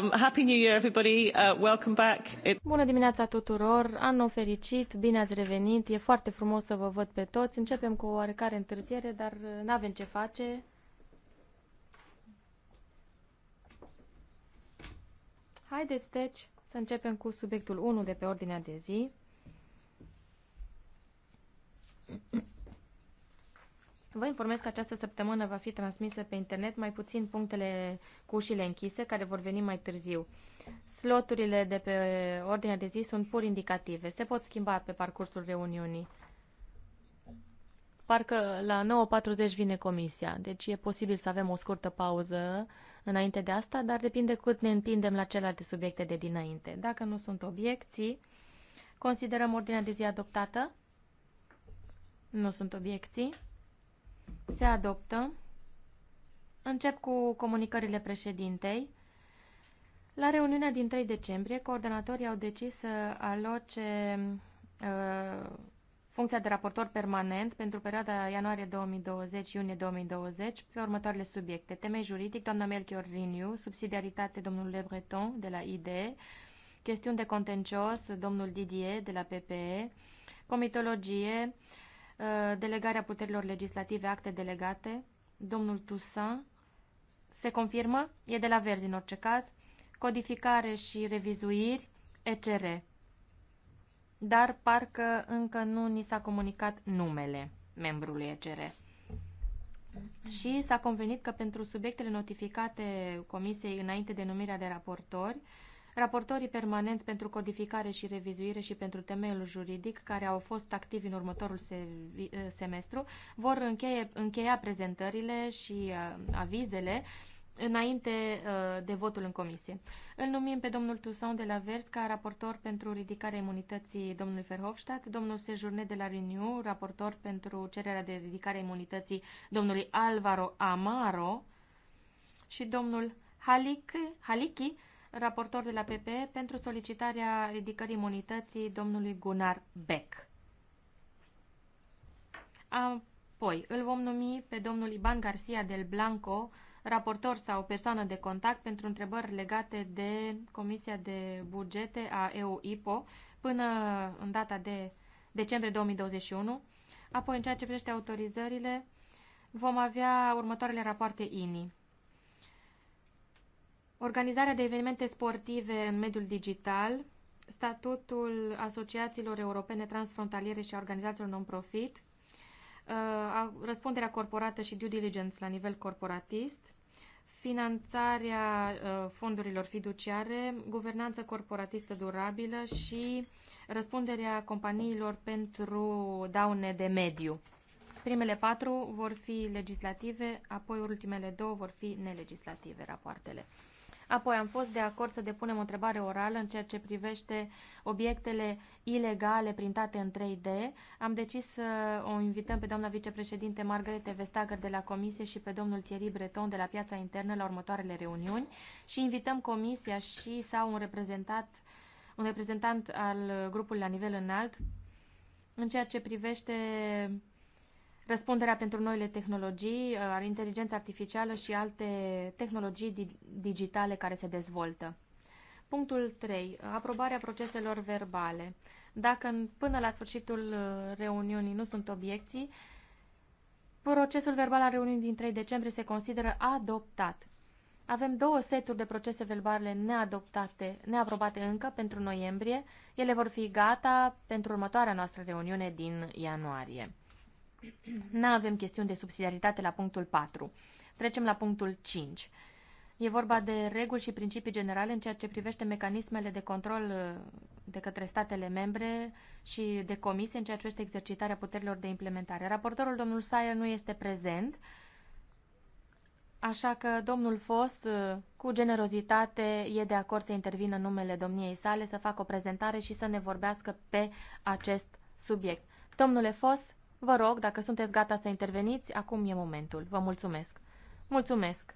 Um, Happy New Year, everybody. Uh, welcome back. It... Bună dimineața tuturor, an nou fericit, bine ați revenit, e foarte frumos să vă văd pe toți. Începem cu o oarecare întârziere, dar uh, nu avem ce face. Haideți, deci, să începem cu subiectul 1 de pe ordinea de zi. Vă informez că această săptămână va fi transmisă pe internet mai puțin punctele cu ușile închise, care vor veni mai târziu. Sloturile de pe ordinea de zi sunt pur indicative. Se pot schimba pe parcursul reuniunii. Parcă la 9.40 vine comisia, deci e posibil să avem o scurtă pauză înainte de asta, dar depinde cât ne întindem la celelalte subiecte de dinainte. Dacă nu sunt obiecții, considerăm ordinea de zi adoptată? Nu sunt obiecții. Se adoptă. Încep cu comunicările președintei. La reuniunea din 3 decembrie, coordonatorii au decis să aloce uh, funcția de raportor permanent pentru perioada ianuarie 2020-iunie 2020 pe următoarele subiecte. Temei juridic, doamna Melchior Riniu, subsidiaritate, domnul Le Breton de la IDE, chestiuni de contencios, domnul Didier de la PPE, comitologie, uh, Uh, delegarea puterilor legislative, acte delegate, domnul Toussaint, se confirmă, e de la verzi în orice caz, codificare și revizuiri, ECR. Dar parcă încă nu ni s-a comunicat numele membrului ECR. Și s-a convenit că pentru subiectele notificate Comisiei înainte de numirea de raportori, Raportorii permanenți pentru codificare și revizuire și pentru temeiul juridic, care au fost activi în următorul se eh, semestru, vor încheie, încheia prezentările și eh, avizele înainte eh, de votul în comisie. Îl numim pe domnul Tusson de la Vers ca raportor pentru ridicarea imunității domnului Verhofstadt, domnul Sejurne de la Renew, raportor pentru cererea de ridicare imunității domnului Alvaro Amaro și domnul Halik, Halichi, raportor de la PP, pentru solicitarea ridicării imunității domnului Gunar Beck. Apoi, îl vom numi pe domnul Iban Garcia del Blanco, raportor sau persoană de contact pentru întrebări legate de Comisia de Bugete a EU-IPO până în data de decembrie 2021. Apoi, în ceea ce privește autorizările, vom avea următoarele rapoarte INI organizarea de evenimente sportive în mediul digital, statutul asociațiilor europene transfrontaliere și a organizațiilor non-profit, uh, răspunderea corporată și due diligence la nivel corporatist, finanțarea uh, fondurilor fiduciare, guvernanță corporatistă durabilă și răspunderea companiilor pentru daune de mediu. Primele patru vor fi legislative, apoi ultimele două vor fi nelegislative, rapoartele. Apoi am fost de acord să depunem o întrebare orală în ceea ce privește obiectele ilegale printate în 3D. Am decis să o invităm pe doamna vicepreședinte Margarete Vestager de la Comisie și pe domnul Thierry Breton de la Piața Internă la următoarele reuniuni și invităm Comisia și sau un reprezentat un reprezentant al grupului la nivel înalt în ceea ce privește Răspunderea pentru noile tehnologii, uh, inteligența artificială și alte tehnologii digitale care se dezvoltă. Punctul 3. Aprobarea proceselor verbale. Dacă până la sfârșitul uh, reuniunii nu sunt obiecții, procesul verbal al reuniunii din 3 decembrie se consideră adoptat. Avem două seturi de procese verbale neadoptate, neaprobate încă pentru noiembrie. Ele vor fi gata pentru următoarea noastră reuniune din ianuarie. Nu avem chestiuni de subsidiaritate la punctul 4. Trecem la punctul 5. E vorba de reguli și principii generale în ceea ce privește mecanismele de control uh, de către statele membre și de comisie în ceea ce privește exercitarea puterilor de implementare. Raportorul domnul Sayer nu este prezent, așa că domnul Fos, uh, cu generozitate, e de acord să intervină în numele domniei sale, să facă o prezentare și să ne vorbească pe acest subiect. Domnule Fos, Vă rog, dacă sunteți gata să interveniți, acum e momentul. Vă mulțumesc. Mulțumesc.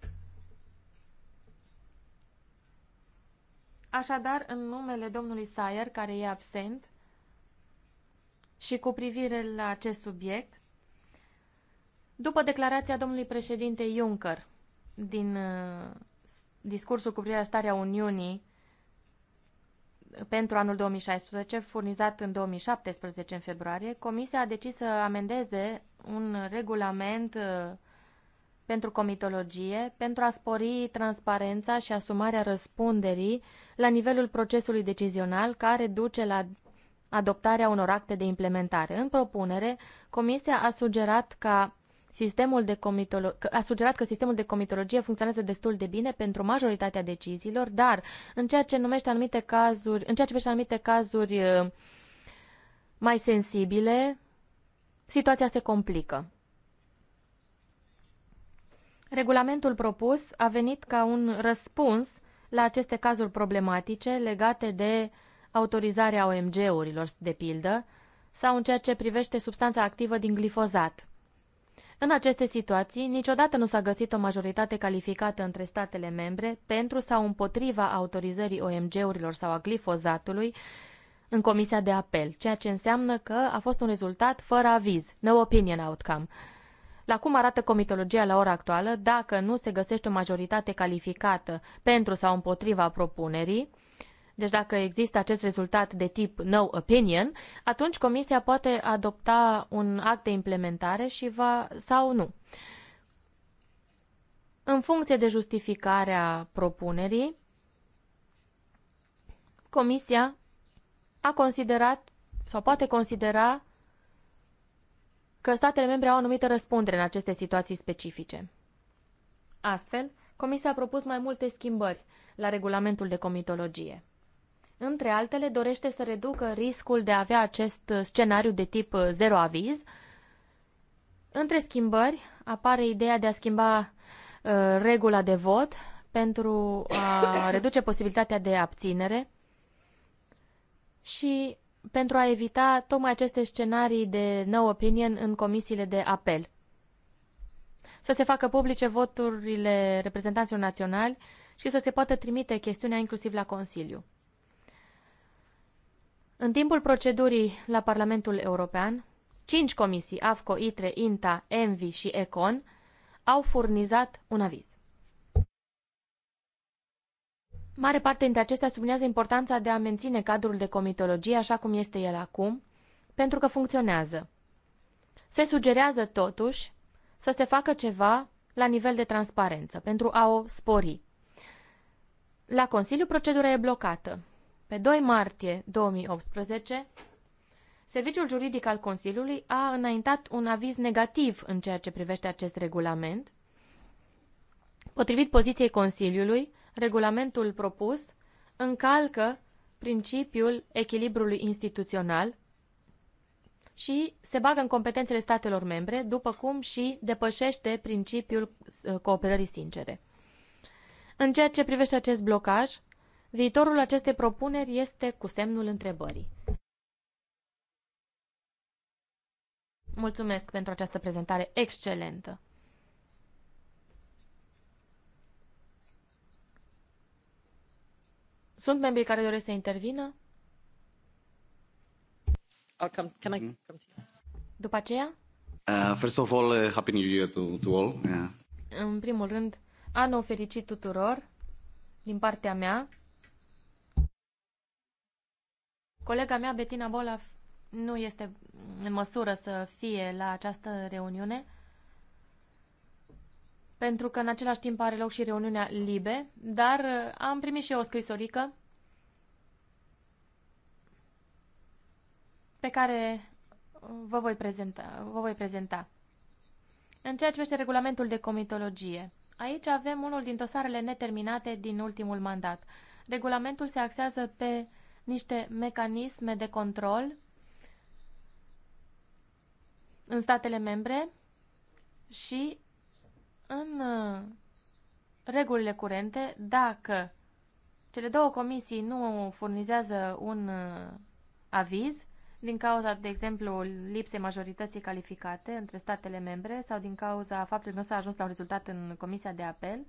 Așadar, în numele domnului Sayer, care e absent, și cu privire la acest subiect, după declarația domnului președinte Juncker din uh, discursul cu privire la starea Uniunii pentru anul 2016, furnizat în 2017, în februarie, Comisia a decis să amendeze un regulament uh, pentru comitologie pentru a spori transparența și asumarea răspunderii la nivelul procesului decizional care duce la adoptarea unor acte de implementare. În propunere, Comisia a sugerat ca Sistemul de comitolo- a sugerat că sistemul de comitologie funcționează destul de bine pentru majoritatea deciziilor, dar în ceea ce numește anumite cazuri, în ceea ce privește anumite cazuri uh, mai sensibile, situația se complică. Regulamentul propus a venit ca un răspuns la aceste cazuri problematice legate de autorizarea OMG-urilor, de pildă, sau în ceea ce privește substanța activă din glifozat. În aceste situații, niciodată nu s-a găsit o majoritate calificată între statele membre pentru sau împotriva autorizării OMG-urilor sau a glifozatului în comisia de apel, ceea ce înseamnă că a fost un rezultat fără aviz, no opinion outcome. La cum arată comitologia la ora actuală, dacă nu se găsește o majoritate calificată pentru sau împotriva propunerii, deci dacă există acest rezultat de tip no opinion, atunci Comisia poate adopta un act de implementare și va, sau nu. În funcție de justificarea propunerii, Comisia a considerat sau poate considera că statele membre au o anumită răspundere în aceste situații specifice. Astfel, Comisia a propus mai multe schimbări la regulamentul de comitologie. Între altele, dorește să reducă riscul de a avea acest scenariu de tip uh, zero aviz. Între schimbări, apare ideea de a schimba uh, regula de vot pentru a reduce posibilitatea de abținere și pentru a evita tocmai aceste scenarii de no opinion în comisiile de apel. Să se facă publice voturile reprezentanților naționali și să se poată trimite chestiunea inclusiv la Consiliu. În timpul procedurii la Parlamentul European, cinci comisii, AFCO, ITRE, INTA, ENVI și ECON, au furnizat un aviz. Mare parte dintre acestea sublinează importanța de a menține cadrul de comitologie așa cum este el acum, pentru că funcționează. Se sugerează totuși să se facă ceva la nivel de transparență pentru a o spori. La Consiliu procedura e blocată. Pe 2 martie 2018, Serviciul Juridic al Consiliului a înaintat un aviz negativ în ceea ce privește acest regulament. Potrivit poziției Consiliului, regulamentul propus încalcă principiul echilibrului instituțional și se bagă în competențele statelor membre, după cum și depășește principiul uh, cooperării sincere. În ceea ce privește acest blocaj, Viitorul acestei propuneri este cu semnul întrebării. Mulțumesc pentru această prezentare excelentă. Sunt membrii care doresc să intervină? Come, can I mm-hmm. come to După aceea? Uh, first of all, uh, happy new year to, to all. Yeah. În primul rând, anul fericit tuturor din partea mea. Colega mea, Betina Bolaf, nu este în măsură să fie la această reuniune, pentru că în același timp are loc și reuniunea LIBE, dar am primit și eu o scrisorică pe care vă voi prezenta. Vă voi prezenta. În ceea ce este regulamentul de comitologie, aici avem unul din dosarele neterminate din ultimul mandat. Regulamentul se axează pe niște mecanisme de control în statele membre și în uh, regulile curente, dacă cele două comisii nu furnizează un uh, aviz, din cauza, de exemplu, lipsei majorității calificate între statele membre sau din cauza faptului că nu s-a ajuns la un rezultat în Comisia de Apel,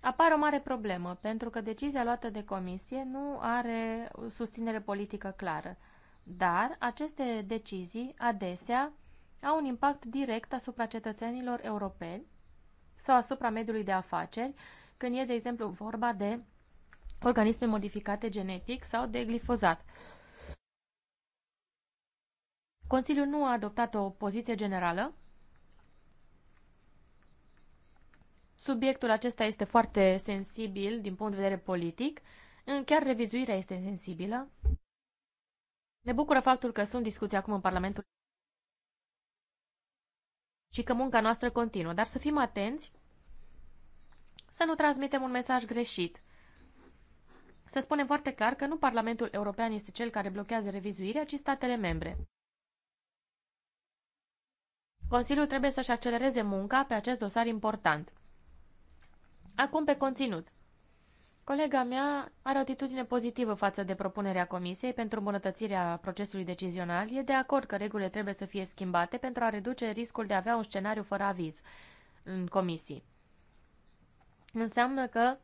apare o mare problemă, pentru că decizia luată de comisie nu are susținere politică clară. Dar aceste decizii adesea au un impact direct asupra cetățenilor europeni sau asupra mediului de afaceri, când e, de exemplu, vorba de organisme modificate genetic sau de glifozat. Consiliul nu a adoptat o poziție generală Subiectul acesta este foarte sensibil din punct de vedere politic, chiar revizuirea este sensibilă. Ne bucură faptul că sunt discuții acum în Parlamentul și că munca noastră continuă, dar să fim atenți să nu transmitem un mesaj greșit. Să spunem foarte clar că nu Parlamentul European este cel care blochează revizuirea, ci statele membre. Consiliul trebuie să-și accelereze munca pe acest dosar important. Acum pe conținut. Colega mea are o atitudine pozitivă față de propunerea Comisiei pentru îmbunătățirea procesului decizional. E de acord că regulile trebuie să fie schimbate pentru a reduce riscul de a avea un scenariu fără aviz în comisii. Înseamnă că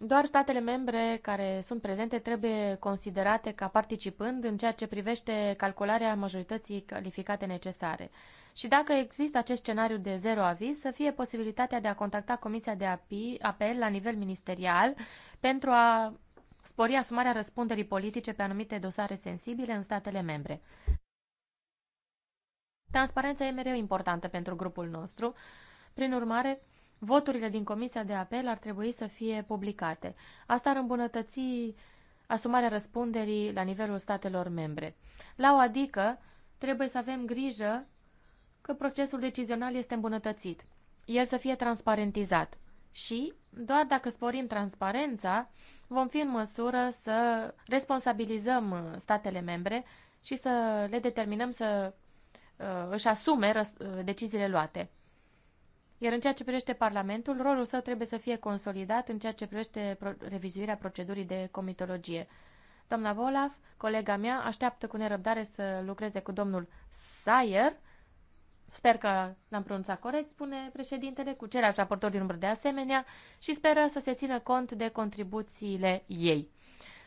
doar statele membre care sunt prezente trebuie considerate ca participând în ceea ce privește calcularea majorității calificate necesare. Și dacă există acest scenariu de zero aviz, să fie posibilitatea de a contacta Comisia de Apel la nivel ministerial pentru a spori asumarea răspunderii politice pe anumite dosare sensibile în statele membre. Transparența e mereu importantă pentru grupul nostru. Prin urmare, voturile din Comisia de Apel ar trebui să fie publicate. Asta ar îmbunătăți asumarea răspunderii la nivelul statelor membre. La o adică, trebuie să avem grijă că procesul decizional este îmbunătățit, el să fie transparentizat. Și, doar dacă sporim transparența, vom fi în măsură să responsabilizăm statele membre și să le determinăm să uh, își asume uh, deciziile luate. Iar în ceea ce privește Parlamentul, rolul său trebuie să fie consolidat în ceea ce privește pro revizuirea procedurii de comitologie. Doamna Volaf, colega mea, așteaptă cu nerăbdare să lucreze cu domnul Sayer, sper că l-am pronunțat corect, spune președintele, cu ceilalți raportori din umbră de asemenea și speră să se țină cont de contribuțiile ei.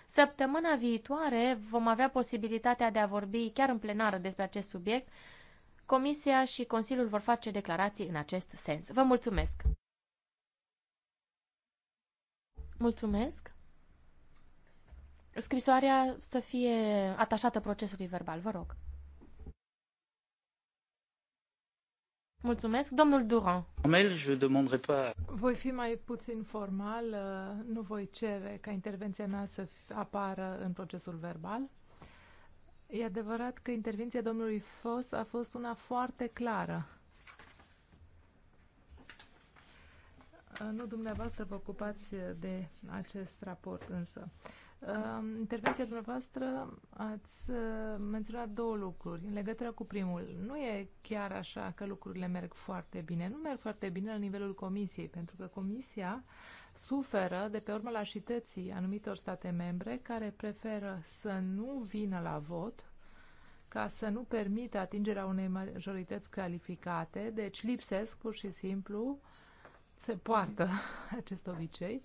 Săptămâna viitoare vom avea posibilitatea de a vorbi chiar în plenară despre acest subiect Comisia și Consiliul vor face declarații în acest sens. Vă mulțumesc! Mulțumesc! Scrisoarea să fie atașată procesului verbal, vă rog. Mulțumesc, domnul Durand. Voi fi mai puțin formal, nu voi cere ca intervenția mea să apară în procesul verbal. E adevărat că intervenția domnului Fos a fost una foarte clară. Nu dumneavoastră vă ocupați de acest raport însă. Intervenția dumneavoastră ați uh, menționat două lucruri. În legătură cu primul, nu e chiar așa că lucrurile merg foarte bine. Nu merg foarte bine la nivelul comisiei, pentru că comisia uh, suferă de pe urma lașității anumitor state membre care preferă să nu vină la vot ca să nu permită atingerea unei majorități calificate, deci lipsesc pur și simplu, se poartă acest obicei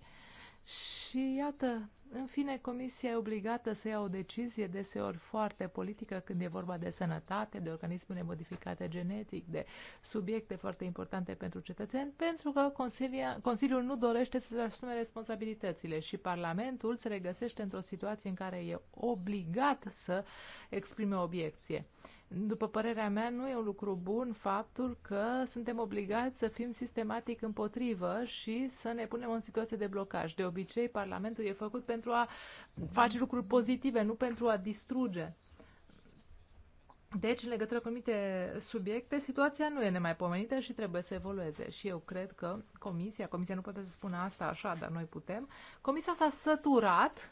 și iată în fine, Comisia e obligată să ia o decizie deseori foarte politică când e vorba de sănătate, de organismele modificate genetic, de subiecte foarte importante pentru cetățeni, pentru că Consilia, Consiliul nu dorește să-și asume responsabilitățile și Parlamentul se regăsește într-o situație în care e obligat să exprime obiecție. După părerea mea, nu e un lucru bun faptul că suntem obligați să fim sistematic împotrivă și să ne punem în situație de blocaj. De obicei, Parlamentul e făcut pentru a face lucruri pozitive, nu pentru a distruge. Deci, în legătură cu anumite subiecte, situația nu e nemaipomenită și trebuie să evolueze. Și eu cred că comisia, comisia nu poate să spună asta așa, dar noi putem, comisia s-a săturat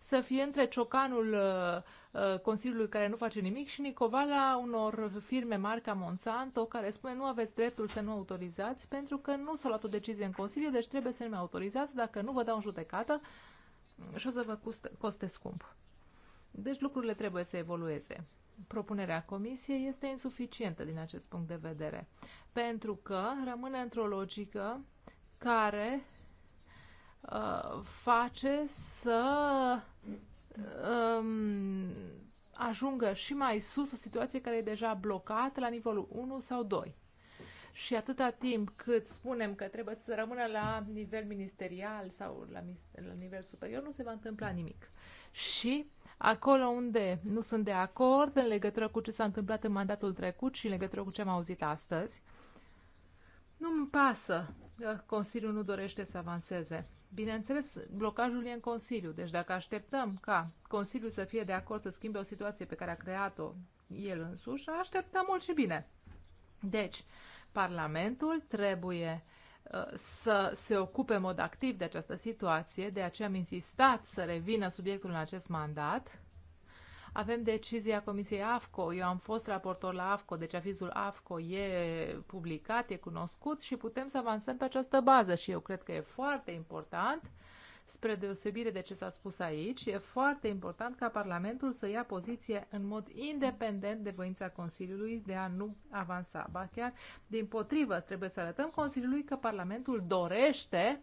să fie între ciocanul uh, uh, Consiliului care nu face nimic și Nicovala unor firme marca Monsanto care spune nu aveți dreptul să nu autorizați pentru că nu s-a luat o decizie în Consiliu, deci trebuie să nu autorizați, dacă nu vă dau în judecată și o să vă coste, coste scump. Deci lucrurile trebuie să evolueze. Propunerea comisiei este insuficientă din acest punct de vedere, pentru că rămâne într-o logică care Uh, face să um, ajungă și mai sus o situație care e deja blocată la nivelul 1 sau 2. Și atâta timp cât spunem că trebuie să rămână la nivel ministerial sau la, la nivel superior, nu se va întâmpla nimic. Și acolo unde nu sunt de acord în legătură cu ce s-a întâmplat în mandatul trecut și în legătură cu ce am auzit astăzi, nu-mi pasă Consiliul nu dorește să avanseze. Bineînțeles, blocajul e în Consiliu, deci dacă așteptăm ca Consiliul să fie de acord să schimbe o situație pe care a creat-o el însuși, așteptăm mult și bine. Deci, Parlamentul trebuie uh, să se ocupe în mod activ de această situație, de aceea am insistat să revină subiectul în acest mandat, avem decizia Comisiei AFCO. Eu am fost raportor la AFCO, deci avizul AFCO e publicat, e cunoscut și putem să avansăm pe această bază și eu cred că e foarte important spre deosebire de ce s-a spus aici, e foarte important ca Parlamentul să ia poziție în mod independent de voința Consiliului de a nu avansa. Ba chiar, din potrivă, trebuie să arătăm Consiliului că Parlamentul dorește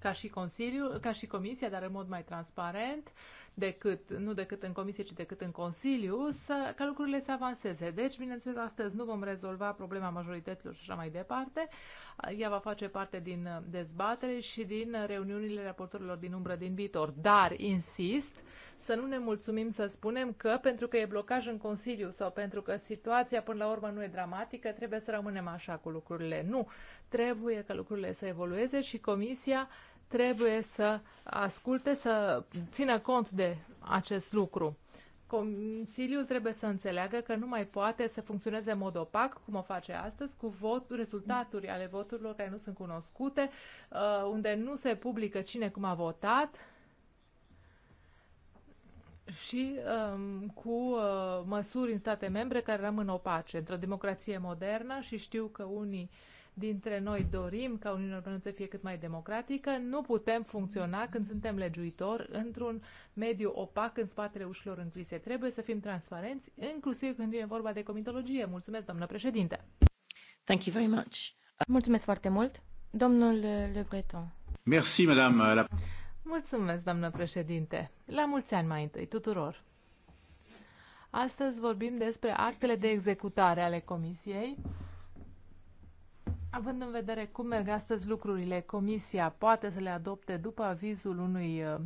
ca și Consiliul, ca și Comisia, dar în mod mai transparent, decât, nu decât în comisie, ci decât în Consiliu, să, ca lucrurile să avanseze. Deci, bineînțeles, astăzi nu vom rezolva problema majorităților și așa mai departe. Ea va face parte din uh, dezbatere și din uh, reuniunile raportorilor din umbră din viitor. Dar, insist, să nu ne mulțumim să spunem că pentru că e blocaj în Consiliu sau pentru că situația până la urmă nu e dramatică, trebuie să rămânem așa cu lucrurile. Nu, trebuie ca lucrurile să evolueze și Comisia trebuie să asculte, să țină cont de acest lucru. Consiliul trebuie să înțeleagă că nu mai poate să funcționeze în mod opac, cum o face astăzi, cu vot, rezultaturi ale voturilor care nu sunt cunoscute, uh, unde nu se publică cine cum a votat și um, cu uh, măsuri în state membre care rămân opace într-o democrație modernă și știu că unii uh, dintre noi dorim ca Uniunea Europeană să fie cât mai democratică, nu putem funcționa când suntem legiuitori într-un mediu opac în spatele ușilor închise. Trebuie să fim transparenți, inclusiv când vine vorba de comitologie. Mulțumesc, doamnă președinte! Thank you very much. Mulțumesc foarte mult, domnul Le Breton. Merci, madame. La... Mulțumesc, doamnă președinte. La mulți ani mai întâi tuturor. Astăzi vorbim despre actele de executare ale Comisiei Având în vedere cum merg astăzi lucrurile, Comisia poate să le adopte după avizul unui uh,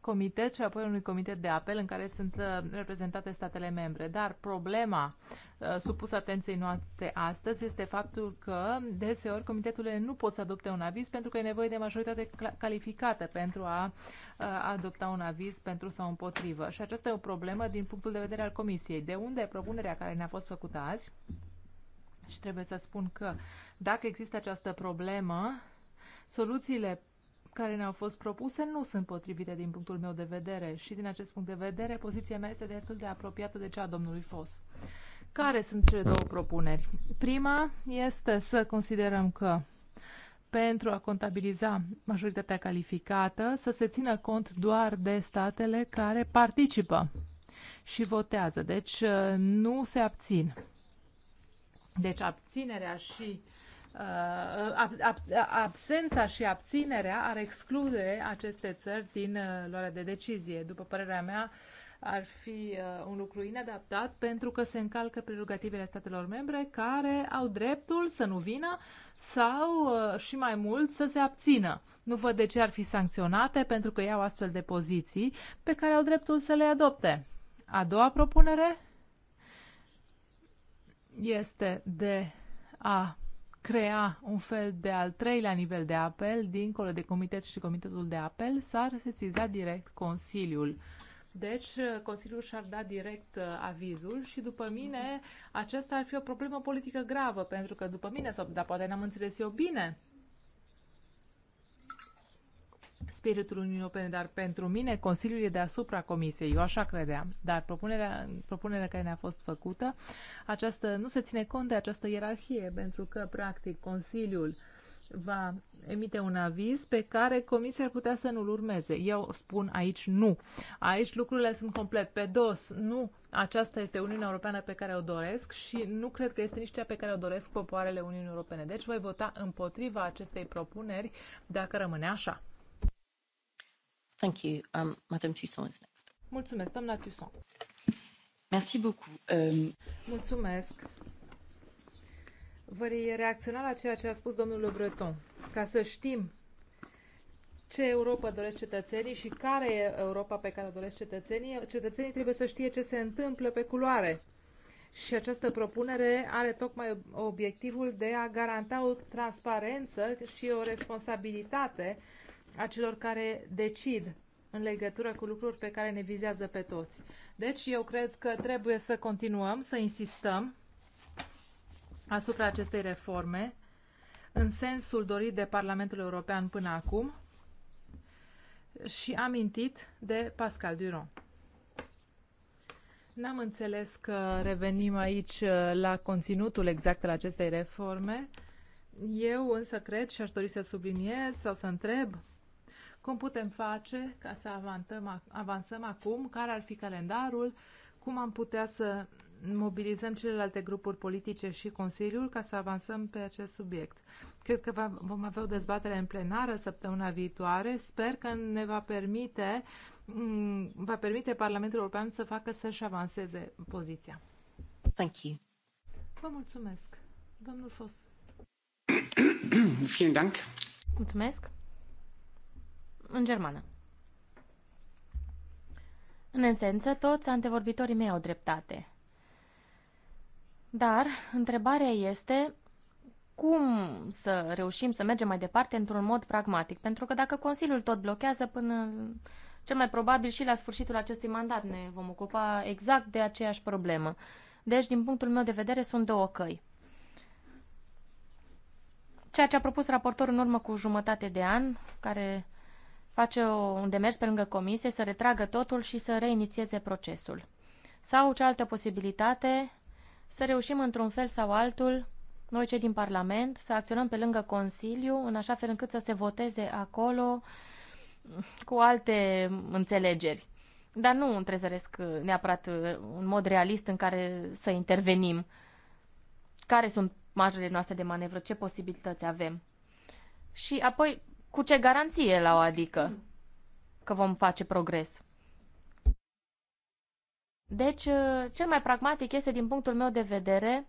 comitet și apoi unui comitet de apel în care sunt uh, reprezentate statele membre. Dar problema uh, supusă atenției noastre astăzi este faptul că deseori Comitetul nu pot să adopte un aviz pentru că e nevoie de majoritate calificată pentru a adopta un aviz pentru sau împotrivă. Și aceasta e o problemă din punctul de vedere al Comisiei. De unde propunerea care ne-a fost făcută azi? Și trebuie să spun că dacă există această problemă, soluțiile care ne-au fost propuse nu sunt potrivite din punctul meu de vedere și din acest punct de vedere poziția mea este destul de apropiată de cea a domnului Fos. Care sunt cele două propuneri? Prima este să considerăm că pentru a contabiliza majoritatea calificată să se țină cont doar de statele care participă și votează, deci uh, nu se abțin. Deci abținerea și uh, absența și abținerea ar exclude aceste țări din uh, luarea de decizie. După părerea mea, ar fi uh, un lucru inadaptat pentru că se încalcă prerogativele statelor membre care au dreptul să nu vină sau și mai mult să se abțină. Nu văd de ce ar fi sancționate pentru că iau astfel de poziții pe care au dreptul să le adopte. A doua propunere este de a crea un fel de al treilea nivel de apel, dincolo de comitet și comitetul de apel, s-ar sesiza direct Consiliul. Deci, Consiliul și-ar da direct uh, avizul și, după mine, aceasta ar fi o problemă politică gravă, pentru că, după mine, sau, dar poate n-am înțeles eu bine, spiritul Uniunii Europene, dar pentru mine Consiliul e deasupra Comisiei, eu așa credeam. Dar propunerea, propunerea care ne-a fost făcută, această, nu se ține cont de această ierarhie, pentru că, practic, Consiliul va emite un aviz pe care Comisia ar putea să nu-l urmeze. Eu spun aici nu. Aici lucrurile sunt complet pe dos. Nu, aceasta este Uniunea Europeană pe care o doresc și nu cred că este nici cea pe care o doresc popoarele Uniunii Europene. Deci voi vota împotriva acestei propuneri dacă rămâne așa. Thank you. Um, Madame Tusson is next. Mulțumesc, doamna Tusson. Merci beaucoup. Um... Mulțumesc. Voi reacționa la ceea ce a spus domnul Le Breton, ca să știm ce Europa doresc cetățenii și care e Europa pe care doresc cetățenii. Cetățenii trebuie să știe ce se întâmplă pe culoare. Și această propunere are tocmai obiectivul de a garanta o transparență și o responsabilitate a celor care decid în legătură cu lucruri pe care ne vizează pe toți. Deci eu cred că trebuie să continuăm, să insistăm asupra acestei reforme în sensul dorit de Parlamentul European până acum și amintit de Pascal Duron. N-am înțeles că revenim aici uh, la conținutul exact al acestei reforme. Eu însă cred și aș dori să subliniez sau să întreb cum putem face ca să avantăm, avansăm acum, care ar fi calendarul, cum am putea să mobilizăm celelalte grupuri politice și Consiliul ca să avansăm pe acest subiect. Cred că va, vom avea o dezbatere în plenară săptămâna viitoare. Sper că ne va permite, mm, va permite Parlamentul European să facă să-și avanseze poziția. Thank you. Vă mulțumesc. Domnul Fos. Vielen Dank. Mulțumesc în germană. În esență, toți antevorbitorii mei au dreptate. Dar întrebarea este cum să reușim să mergem mai departe într-un mod pragmatic, pentru că dacă Consiliul tot blochează până cel mai probabil și la sfârșitul acestui mandat ne vom ocupa exact de aceeași problemă. Deci, din punctul meu de vedere, sunt două căi. Ceea ce a propus raportorul în urmă cu jumătate de an, care face un demers pe lângă comisie, să retragă totul și să reinițieze procesul. Sau cealaltă posibilitate, să reușim într-un fel sau altul, noi cei din Parlament, să acționăm pe lângă Consiliu, în așa fel încât să se voteze acolo cu alte înțelegeri. Dar nu întrezăresc uh, neapărat uh, un mod realist în care să intervenim. Care sunt marjele noastre de manevră? Ce posibilități avem? Și apoi cu ce garanție la o adică că vom face progres? Deci, uh, cel mai pragmatic este, din punctul meu de vedere,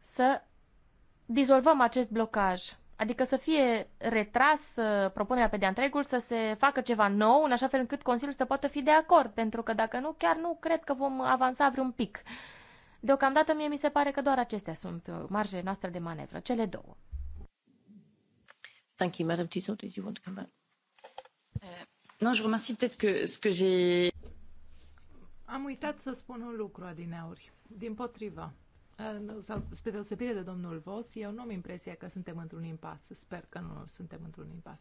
să dizolvăm acest blocaj. Adică să fie retras uh, propunerea pe de întregul, să se facă ceva nou, în așa fel încât Consiliul să poată fi de acord, pentru că dacă nu, chiar nu cred că vom avansa vreun pic Deocamdată mie mi se pare că doar acestea sunt uh, marjele noastre de manevră, cele două. Thank you, Madam Tissot. Did you want to come back? Eh, non, je remercie peut-être que ce que j'ai... Am uitat să spun un lucru adineauri. Din potriva, eh, sau spre deosebire de domnul Vos, eu nu am impresia că suntem într-un impas. Sper că nu suntem într-un impas.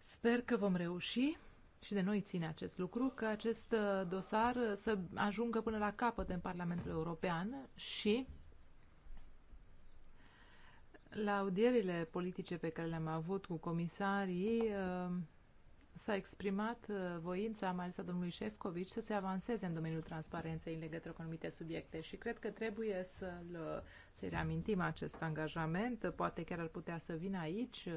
Sper că vom reuși și de noi ține acest lucru, că acest uh, dosar uh, să ajungă până la capăt în Parlamentul European și la audierile politice pe care le-am avut cu comisarii uh, s-a exprimat voința, mai ales a domnului Șefcovic, să se avanseze în domeniul transparenței în legătură cu anumite subiecte și cred că trebuie să i să reamintim acest angajament, poate chiar ar putea să vină aici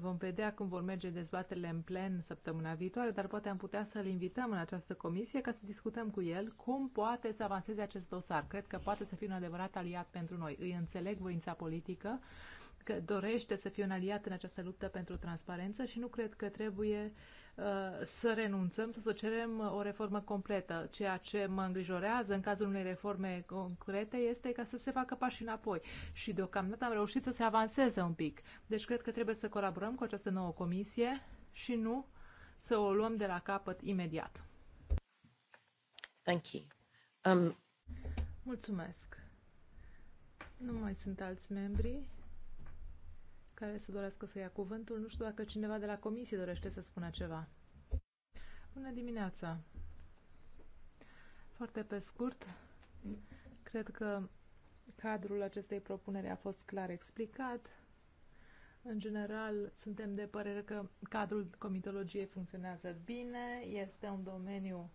Vom vedea cum vor merge dezbaterile în plen săptămâna viitoare, dar poate am putea să-l invităm în această comisie ca să discutăm cu el cum poate să avanseze acest dosar. Cred că poate să fie un adevărat aliat pentru noi. Îi înțeleg voința politică, că dorește să fie un aliat în această luptă pentru transparență și nu cred că trebuie uh, să renunțăm, să, să cerem uh, o reformă completă. Ceea ce mă îngrijorează în cazul unei reforme concrete este ca să se facă pași înapoi și deocamdată am reușit să se avanseze un pic. Deci cred că trebuie să colaborăm cu această nouă comisie și nu să o luăm de la capăt imediat. Thank you. Um... Mulțumesc. Nu mai sunt alți membri care să dorească să ia cuvântul. Nu știu dacă cineva de la comisie dorește să spună ceva. Bună dimineața! Foarte pe scurt, cred că cadrul acestei propuneri a fost clar explicat. În general, suntem de părere că cadrul comitologiei funcționează bine, este un domeniu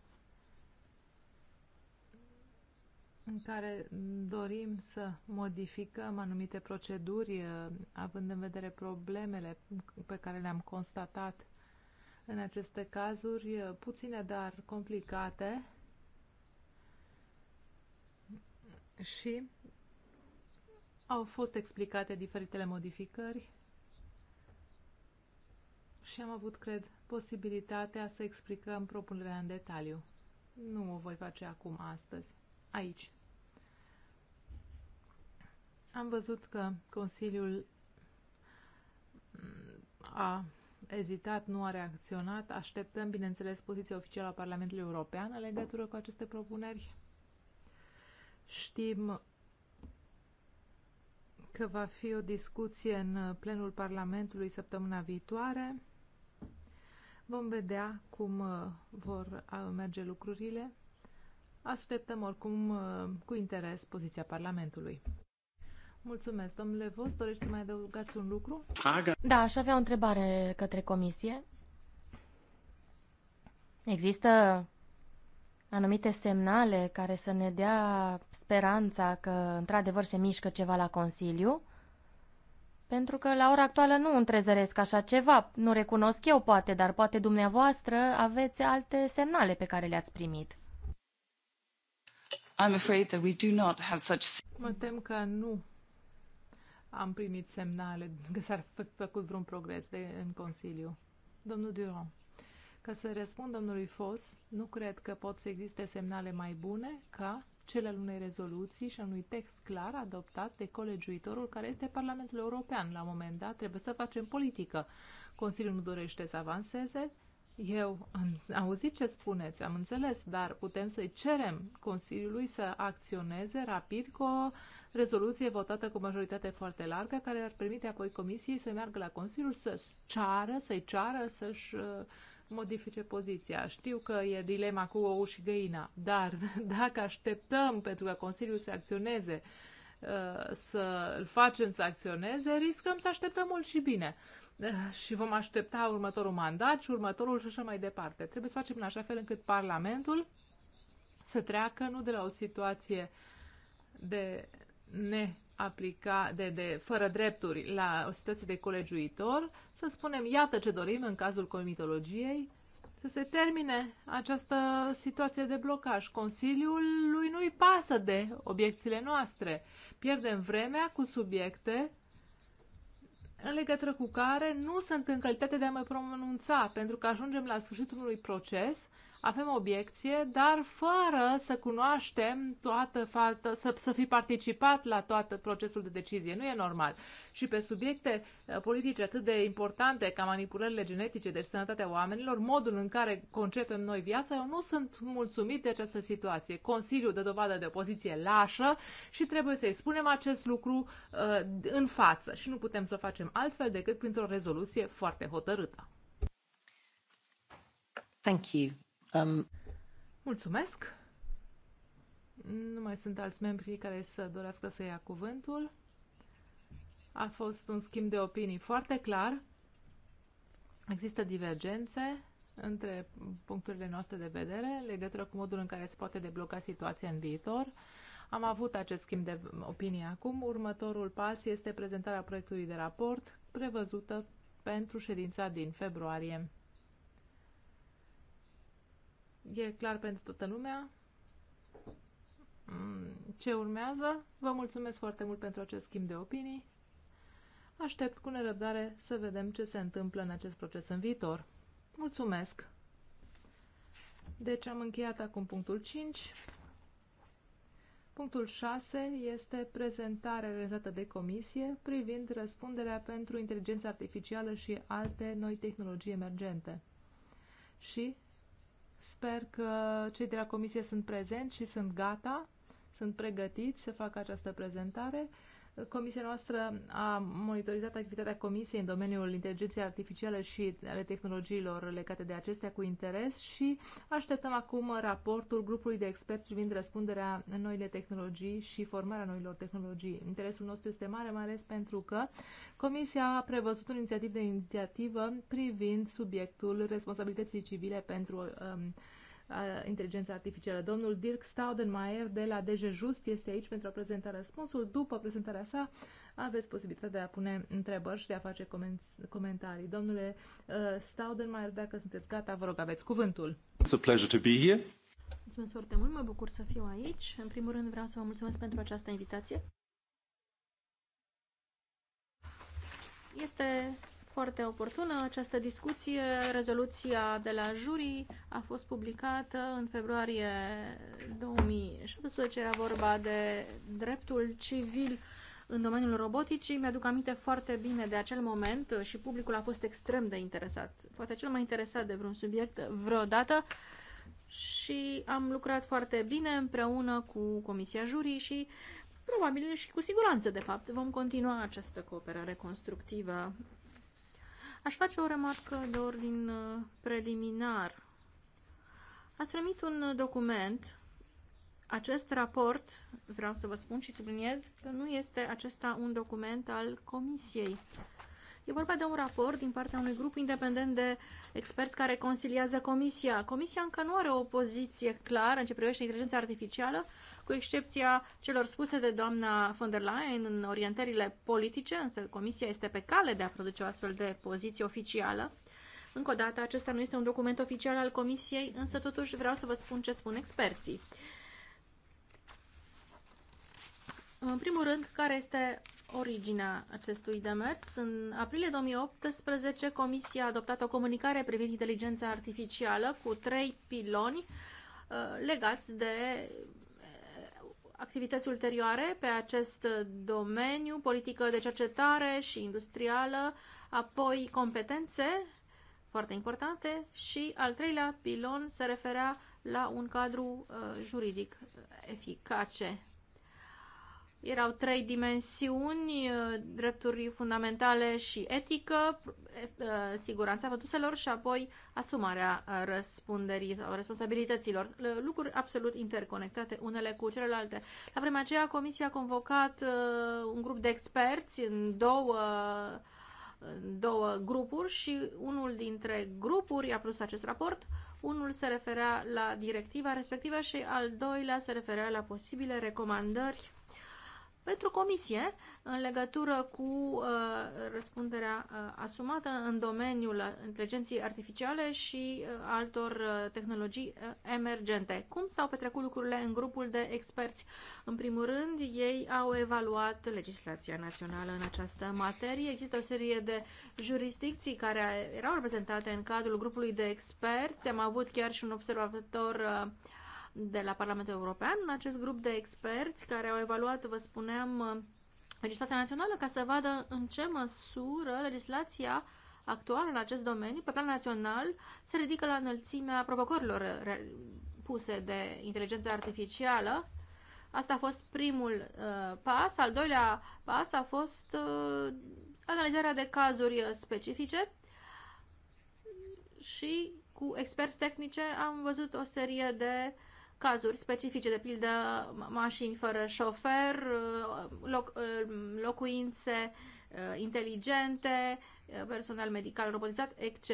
în care dorim să modificăm anumite proceduri, uh, având în vedere problemele pe care le-am constatat în aceste cazuri, uh, puține, dar complicate. Și au fost explicate diferitele modificări și am avut, cred, posibilitatea să explicăm propunerea în detaliu. Nu o voi face acum, astăzi aici. Am văzut că Consiliul a ezitat, nu a reacționat. Așteptăm, bineînțeles, poziția oficială a Parlamentului European în legătură cu aceste propuneri. Știm că va fi o discuție în plenul Parlamentului săptămâna viitoare. Vom vedea cum vor merge lucrurile. Așteptăm oricum uh, cu interes poziția Parlamentului. Mulțumesc. Domnule Vos, dorești să mai adăugați un lucru? Da, aș avea o întrebare către comisie. Există anumite semnale care să ne dea speranța că într-adevăr se mișcă ceva la Consiliu? Pentru că la ora actuală nu întrezăresc așa ceva. Nu recunosc eu, poate, dar poate dumneavoastră aveți alte semnale pe care le-ați primit. I'm afraid that we do not have such... Mă tem că nu am primit semnale că s-ar fi făcut vreun progres de, în Consiliu. Domnul Durand, ca să răspund domnului Fos, nu cred că pot să existe semnale mai bune ca cele al unei rezoluții și al unui text clar adoptat de colegiuitorul care este Parlamentul European. La un moment dat trebuie să facem politică. Consiliul nu dorește să avanseze, eu am auzit ce spuneți, am înțeles, dar putem să-i cerem Consiliului să acționeze rapid cu o rezoluție votată cu majoritate foarte largă, care ar permite apoi Comisiei să meargă la Consiliul să ceară, să-i ceară să-și uh, modifice poziția. Știu că e dilema cu ou și găina, dar dacă așteptăm pentru ca Consiliul să acționeze, uh, să l facem să acționeze, riscăm să așteptăm mult și bine. Eh, și vom aștepta următorul mandat și următorul și așa mai departe. Trebuie să facem în așa fel încât Parlamentul să treacă nu de la o situație de neaplica, de, de fără drepturi la o situație de colegiuitor, să spunem iată ce dorim în cazul comitologiei, să se termine această situație de blocaj. Consiliul lui nu-i pasă de obiecțiile noastre. Pierdem vremea cu subiecte în legătură cu care nu sunt în calitate de a mă pronunța, pentru că ajungem la sfârșitul unui proces avem obiecție, dar fără să cunoaștem toată fata, să, să fi participat la tot procesul de decizie. Nu e normal. Și pe subiecte uh, politice atât de importante ca manipulările genetice, deci sănătatea oamenilor, modul în care concepem noi viața, eu nu sunt mulțumit de această situație. Consiliul dă dovadă de o poziție lașă și trebuie să-i spunem acest lucru uh, în față și nu putem să facem altfel decât printr-o rezoluție foarte hotărâtă. Thank you. Um... Mulțumesc! Nu mai sunt alți membri care să dorească să ia cuvântul. A fost un schimb de opinii foarte clar. Există divergențe între puncturile noastre de vedere, legătură cu modul în care se poate debloca situația în viitor. Am avut acest schimb de opinii acum. Următorul pas este prezentarea proiectului de raport prevăzută pentru ședința din februarie. E clar pentru toată lumea mm, ce urmează. Vă mulțumesc foarte mult pentru acest schimb de opinii. Aștept cu nerăbdare să vedem ce se întâmplă în acest proces în viitor. Mulțumesc! Deci am încheiat acum punctul 5. Punctul 6 este prezentarea realizată de comisie privind răspunderea pentru inteligența artificială și alte noi tehnologii emergente. Și Sper că cei de la comisie sunt prezenți și sunt gata, sunt pregătiți să facă această prezentare. Comisia noastră a monitorizat activitatea Comisiei în domeniul inteligenței artificiale și ale tehnologiilor legate de acestea cu interes și așteptăm acum raportul grupului de experți privind răspunderea în noile tehnologii și formarea noilor tehnologii. Interesul nostru este mare, mai ales pentru că Comisia a prevăzut un inițiativ de inițiativă privind subiectul responsabilității civile pentru um, inteligența artificială. Domnul Dirk Staudenmayer de la DG Just este aici pentru a prezenta răspunsul. După prezentarea sa aveți posibilitatea de a pune întrebări și de a face comentarii. Domnule Staudenmayer, dacă sunteți gata, vă rog, aveți cuvântul. It's a pleasure to be here. Mulțumesc foarte mult, mă bucur să fiu aici. În primul rând vreau să vă mulțumesc pentru această invitație. Este foarte oportună această discuție. Rezoluția de la jury a fost publicată în februarie 2017. Era vorba de dreptul civil în domeniul roboticii. Mi-aduc aminte foarte bine de acel moment și publicul a fost extrem de interesat. Poate cel mai interesat de vreun subiect vreodată. Și am lucrat foarte bine împreună cu Comisia Jurii și probabil și cu siguranță, de fapt, vom continua această cooperare constructivă Aș face o remarcă de ordin uh, preliminar. Ați primit un uh, document. Acest raport, vreau să vă spun și subliniez, că nu este acesta un document al Comisiei. E vorba de un raport din partea unui grup independent de experți care consiliază Comisia. Comisia încă nu are o poziție clară în ce privește inteligența artificială, cu excepția celor spuse de doamna von der Leyen în orientările politice, însă Comisia este pe cale de a produce o astfel de poziție oficială. Încă o dată, acesta nu este un document oficial al Comisiei, însă totuși vreau să vă spun ce spun experții. În primul rând, care este originea acestui demers. În aprilie 2018, Comisia a adoptat o comunicare privind inteligența artificială cu trei piloni uh, legați de uh, activități ulterioare pe acest uh, domeniu, politică de cercetare și industrială, apoi competențe foarte importante și al treilea pilon se referea la un cadru juridic eficace. Erau trei dimensiuni, uh, drepturi fundamentale și etică, uh, siguranța văduselor și apoi asumarea uh, răspunderii sau responsabilităților. Lucruri absolut interconectate unele cu celelalte. La vremea aceea, Comisia a convocat un grup de experți în două două grupuri și unul dintre grupuri a plus acest raport, unul se referea la directiva respectivă și al doilea se referea la posibile recomandări pentru comisie în legătură cu uh, răspunderea uh, asumată în domeniul inteligenței artificiale și uh, altor uh, tehnologii uh, emergente. Cum s-au petrecut lucrurile în grupul de experți? În primul rând, ei au evaluat legislația națională în această materie. Există o serie de jurisdicții care erau reprezentate în cadrul grupului de experți. Am avut chiar și un observator uh, de la Parlamentul European, acest grup de experți care au evaluat, vă spuneam, legislația națională ca să vadă în ce măsură legislația actuală în acest domeniu, pe plan național, se ridică la înălțimea provocărilor puse de inteligența artificială. Asta a fost primul uh, pas. Al doilea pas a fost uh, analizarea de cazuri specifice și cu experți tehnice am văzut o serie de uh, cazuri specifice, de pildă mașini fără șofer, uh, loc, uh, locuințe uh, inteligente, personal medical robotizat, etc.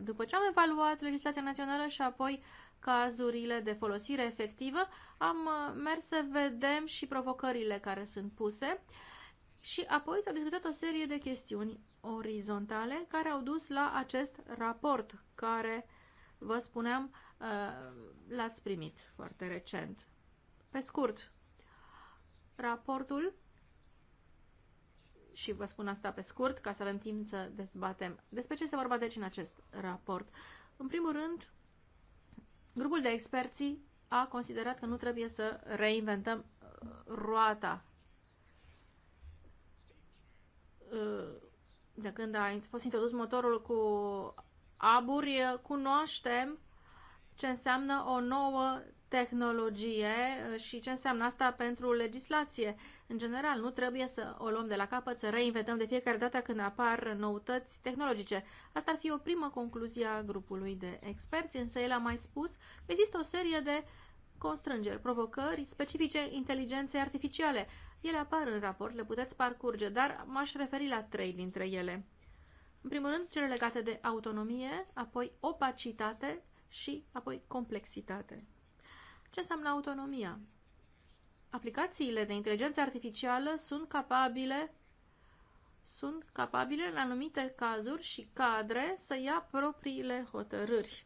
După ce am evaluat legislația națională și apoi cazurile de folosire efectivă, am mers să vedem și provocările care sunt puse și apoi s-a discutat o serie de chestiuni orizontale care au dus la acest raport care, vă spuneam, Uh, l-ați primit foarte recent. Pe scurt, raportul și vă spun asta pe scurt, ca să avem timp să dezbatem despre ce se vorba deci în acest raport. În primul rând, grupul de experți a considerat că nu trebuie să reinventăm uh, roata uh, de când a fost introdus motorul cu aburi, cunoaștem ce înseamnă o nouă tehnologie uh, și ce înseamnă asta pentru legislație. În general, nu trebuie să o luăm de la capăt, să reinventăm de fiecare dată când apar noutăți tehnologice. Asta ar fi o primă concluzie a grupului de experți, însă el a mai spus că există o serie de constrângeri, provocări specifice inteligenței artificiale. Ele apar în raport, le puteți parcurge, dar m-aș referi la trei dintre ele. În primul rând, cele legate de autonomie, apoi opacitate și apoi complexitate. Ce înseamnă autonomia? Aplicațiile de inteligență artificială sunt capabile sunt capabile în anumite cazuri și cadre să ia propriile hotărâri.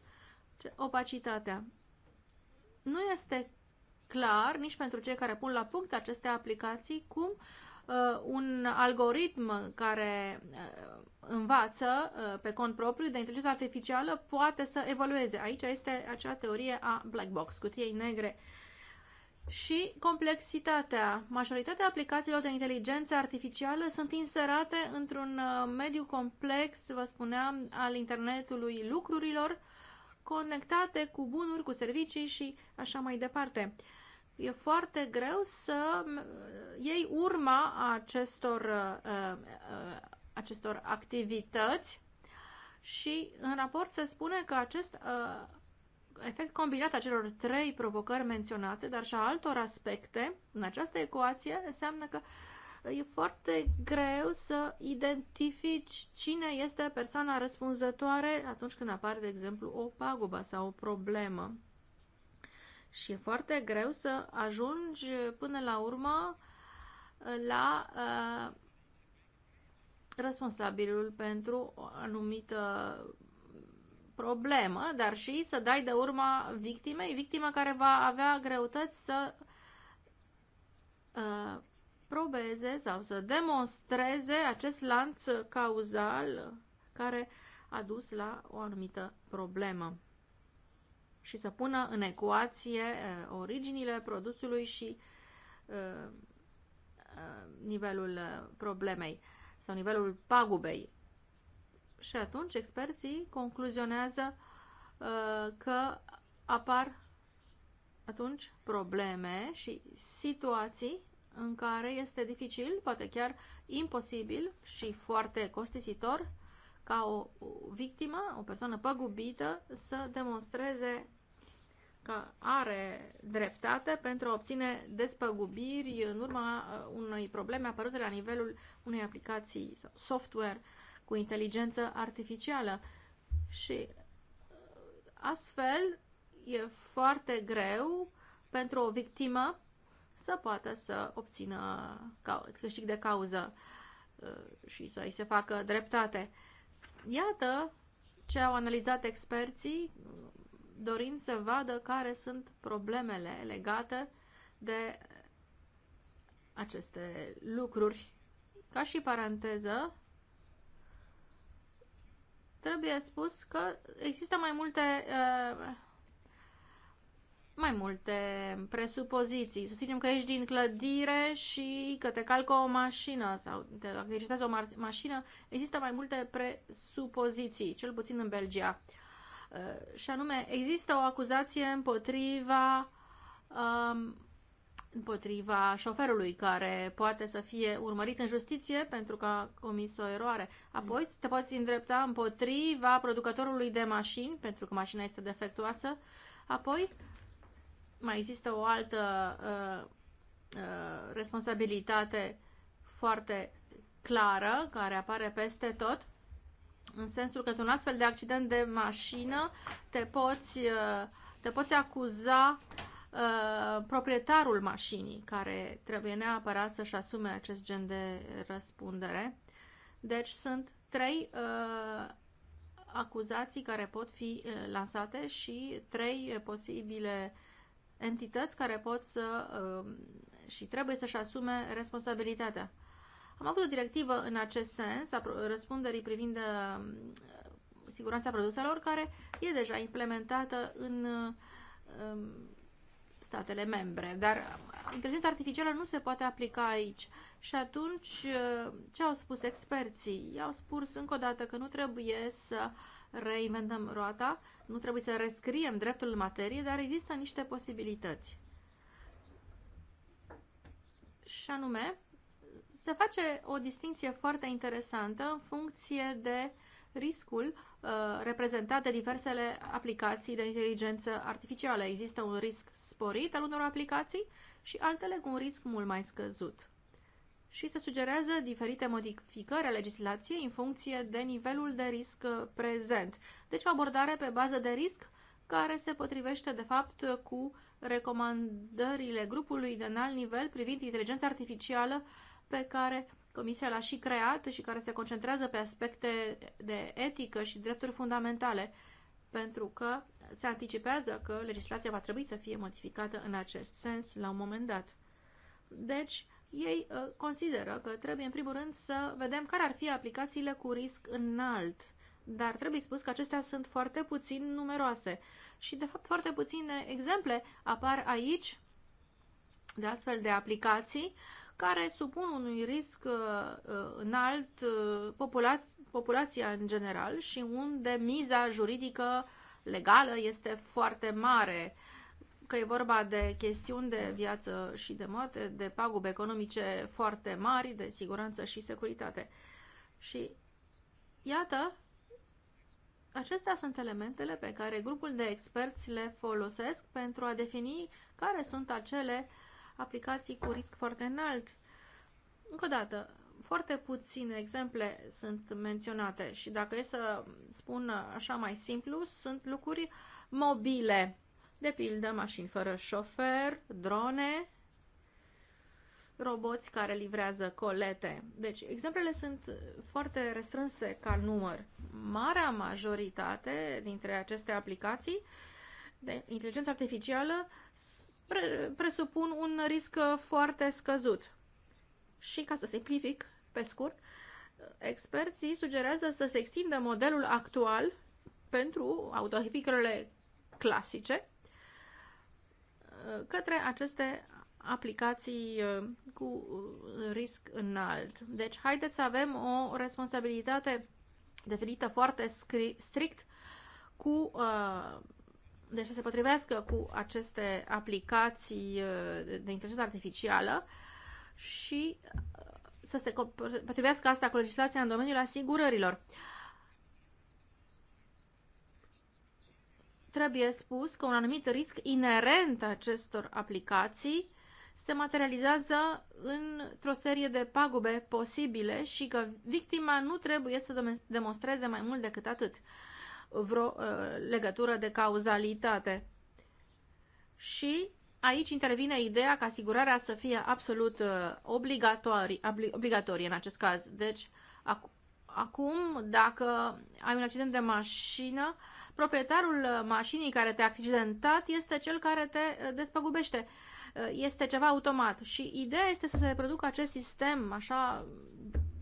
Opacitatea. Nu este clar nici pentru cei care pun la punct aceste aplicații cum Uh, un algoritm care uh, învață uh, pe cont propriu de inteligență artificială poate să evolueze. Aici este acea teorie a black box, cutiei negre. Și complexitatea. Majoritatea aplicațiilor de inteligență artificială sunt inserate într-un mediu complex, vă spuneam, al internetului lucrurilor, conectate cu bunuri, cu servicii și așa mai departe e foarte greu să uh, iei urma acestor, uh, uh, acestor activități și în raport se spune că acest efect combinat a celor trei provocări menționate, dar și a altor aspecte în această ecuație, înseamnă că e foarte greu să identifici cine este persoana răspunzătoare atunci când apare, de exemplu, o pagubă sau o problemă și e foarte greu să ajungi până la urmă uh, la uh, responsabilul pentru o anumită problemă, dar și să dai de urma victimei, victima care va avea greutăți să uh, probeze sau să demonstreze acest lanț cauzal care a dus la o anumită problemă și să pună în ecuație uh, originile produsului și uh, uh, nivelul problemei sau nivelul pagubei. Și atunci experții concluzionează că apar atunci probleme și situații în care este dificil, poate chiar imposibil și foarte costisitor ca o victimă, o persoană păgubită, să demonstreze că are dreptate pentru a obține despăgubiri în urma uh, unei probleme apărute la nivelul unei aplicații sau software cu inteligență artificială. Și uh, astfel e foarte greu pentru o victimă să poată să obțină câștig de cauză uh, și să îi se facă dreptate. Iată ce au analizat experții dorind să vadă care sunt problemele legate de aceste lucruri. Ca și paranteză, trebuie spus că există mai multe uh, mai multe presupoziții. Să zicem că ești din clădire și că te calcă o mașină sau te exercitează o ma mașină. Există mai multe presupoziții, cel puțin în Belgia. Uh, Uh, și anume, există o acuzație împotriva, um, împotriva șoferului care poate să fie urmărit în justiție pentru că a comis o eroare. Apoi te poți îndrepta împotriva producătorului de mașini pentru că mașina este defectuoasă. Apoi mai există o altă uh, uh, responsabilitate foarte clară care apare peste tot în sensul că într-un astfel de accident de mașină te poți, uh, te poți acuza uh, proprietarul mașinii care trebuie neapărat să-și asume acest gen de răspundere. Deci sunt trei uh, acuzații care pot fi uh, lansate și trei posibile entități care pot să uh, și trebuie să-și asume responsabilitatea. Am avut o directivă în acest sens, a răspunderii privind uh, siguranța produselor, care e deja implementată în uh, um, statele membre, dar uh, inteligența artificială nu se poate aplica aici. Și atunci, ce au spus experții? I-au spus încă o dată că nu trebuie să reinventăm roata, nu trebuie să rescriem dreptul în materie, dar există niște posibilități. Și anume, se face o distinție foarte interesantă în funcție de riscul uh, reprezentat de diversele aplicații de inteligență artificială. Există un risc sporit al unor aplicații și altele cu un risc mult mai scăzut. Și se sugerează diferite modificări a legislației în funcție de nivelul de risc uh, prezent. Deci o abordare pe bază de risc care se potrivește de fapt cu recomandările grupului de înalt nivel privind inteligența artificială uh, pe care Comisia l-a și creat și care se concentrează pe aspecte de etică și drepturi fundamentale, pentru că se anticipează că legislația va trebui să fie modificată în acest sens la un moment dat. Deci, ei uh, consideră că trebuie, în primul rând, să vedem care ar fi aplicațiile cu risc înalt. Dar trebuie spus că acestea sunt foarte puțin numeroase și, de fapt, foarte puține exemple apar aici de astfel de aplicații uh, care supun unui risc uh, uh, înalt uh, populaț populația în general și unde miza juridică legală este foarte mare, că e vorba de chestiuni de viață și de moarte, de pagube economice foarte mari, de siguranță și securitate. Și iată, Acestea sunt elementele pe care grupul de experți le folosesc pentru a defini care sunt acele aplicații cu risc foarte înalt. Încă o dată, foarte puține exemple sunt menționate și dacă e să spun așa mai simplu, sunt lucruri mobile, de pildă mașini fără șofer, drone, roboți care livrează colete. Deci, exemplele sunt foarte restrânse ca număr. Marea majoritate dintre aceste aplicații de inteligență artificială pre presupun un risc foarte scăzut. Și ca să simplific pe scurt, experții sugerează să se extindă modelul actual pentru autovehiclele clasice uh, către aceste aplicații uh, cu risc înalt. Deci, haideți să avem o responsabilitate definită foarte strict cu uh, deci să se potrivească cu aceste aplicații uh, de inteligență artificială și uh, să se potrivească asta cu legislația în domeniul asigurărilor. Trebuie spus că un anumit risc inerent acestor aplicații se materializează într-o serie de pagube posibile și că victima nu trebuie să demonstreze mai mult decât atât vreo uh, legătură de cauzalitate. Și aici intervine ideea ca asigurarea să fie absolut uh, obligatorie, obligatorie în acest caz. Deci, acum, dacă ai un accident de mașină, proprietarul mașinii care te-a accidentat este cel care te uh, despăgubește. Este ceva automat și ideea este să se reproducă acest sistem așa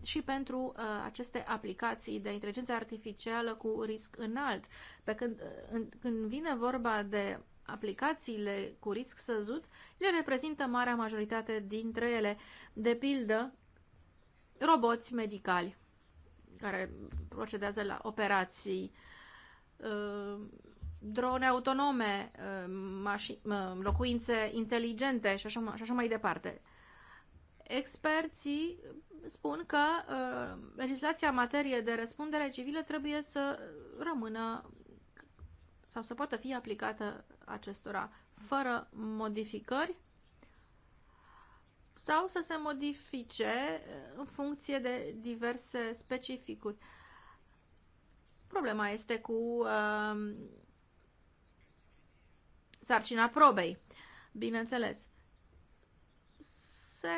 și pentru uh, aceste aplicații de inteligență artificială cu risc înalt. Pe când, uh, în, când vine vorba de aplicațiile cu risc săzut, ele reprezintă marea majoritate dintre ele, de pildă roboți medicali care procedează la operații, uh, drone autonome, uh, mașini, locuințe inteligente și așa, și așa mai departe experții spun că uh, legislația în materie de răspundere civilă trebuie să rămână sau să poată fi aplicată acestora fără modificări sau să se modifice în funcție de diverse specificuri. Problema este cu uh, sarcina probei, bineînțeles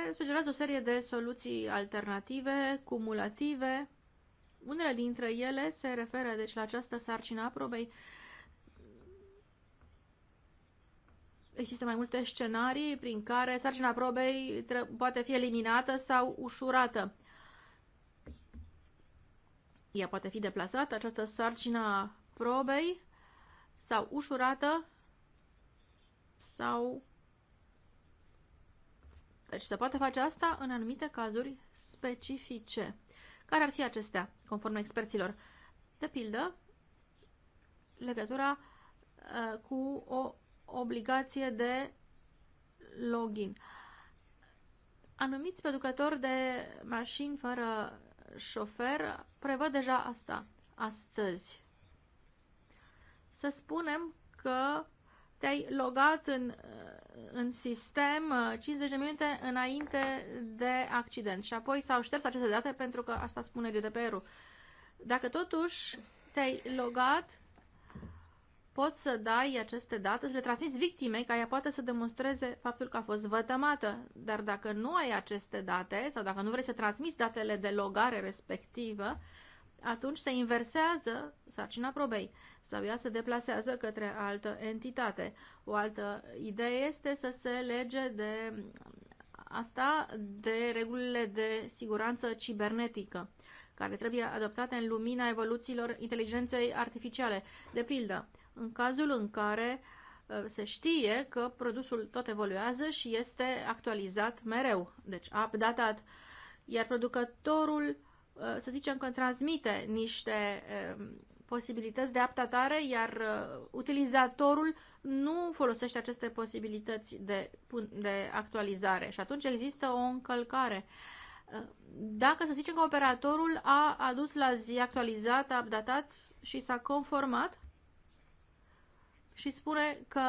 se sugerează o serie de soluții alternative, cumulative. Unele dintre ele se referă deci la această sarcină a probei. Există mai multe scenarii prin care sarcina probei poate fi eliminată sau ușurată. Ea poate fi deplasată, această sarcina probei, sau ușurată, sau deci se poate face asta în anumite cazuri specifice. Care ar fi acestea, conform experților? De pildă, legătura uh, cu o obligație de login. Anumiți producători de mașini fără șofer prevăd deja asta astăzi. Să spunem că te-ai logat în, uh, în sistem 50 uh, de minute înainte de accident și apoi s-au șters aceste date pentru că asta spune GDPR-ul. Dacă totuși te-ai logat, poți să dai aceste date, să le transmiți victimei ca ea poate să demonstreze faptul că a fost vătămată. Dar dacă nu ai aceste date sau dacă nu vrei să transmiți datele de logare respectivă, atunci se inversează sarcina probei sau ea se deplasează către altă entitate. O altă idee este să se lege de asta de regulile de siguranță cibernetică care trebuie adoptate în lumina evoluțiilor inteligenței artificiale. De pildă, în cazul în care uh, se știe că produsul tot evoluează și este actualizat mereu, deci updatat, iar producătorul Uh, să zicem că transmite niște um, posibilități de aptatare, iar uh, utilizatorul nu folosește aceste posibilități de, de actualizare și atunci există o încălcare. Uh, dacă să zicem că operatorul a adus la zi, actualizat, a updatat și s-a conformat și spune că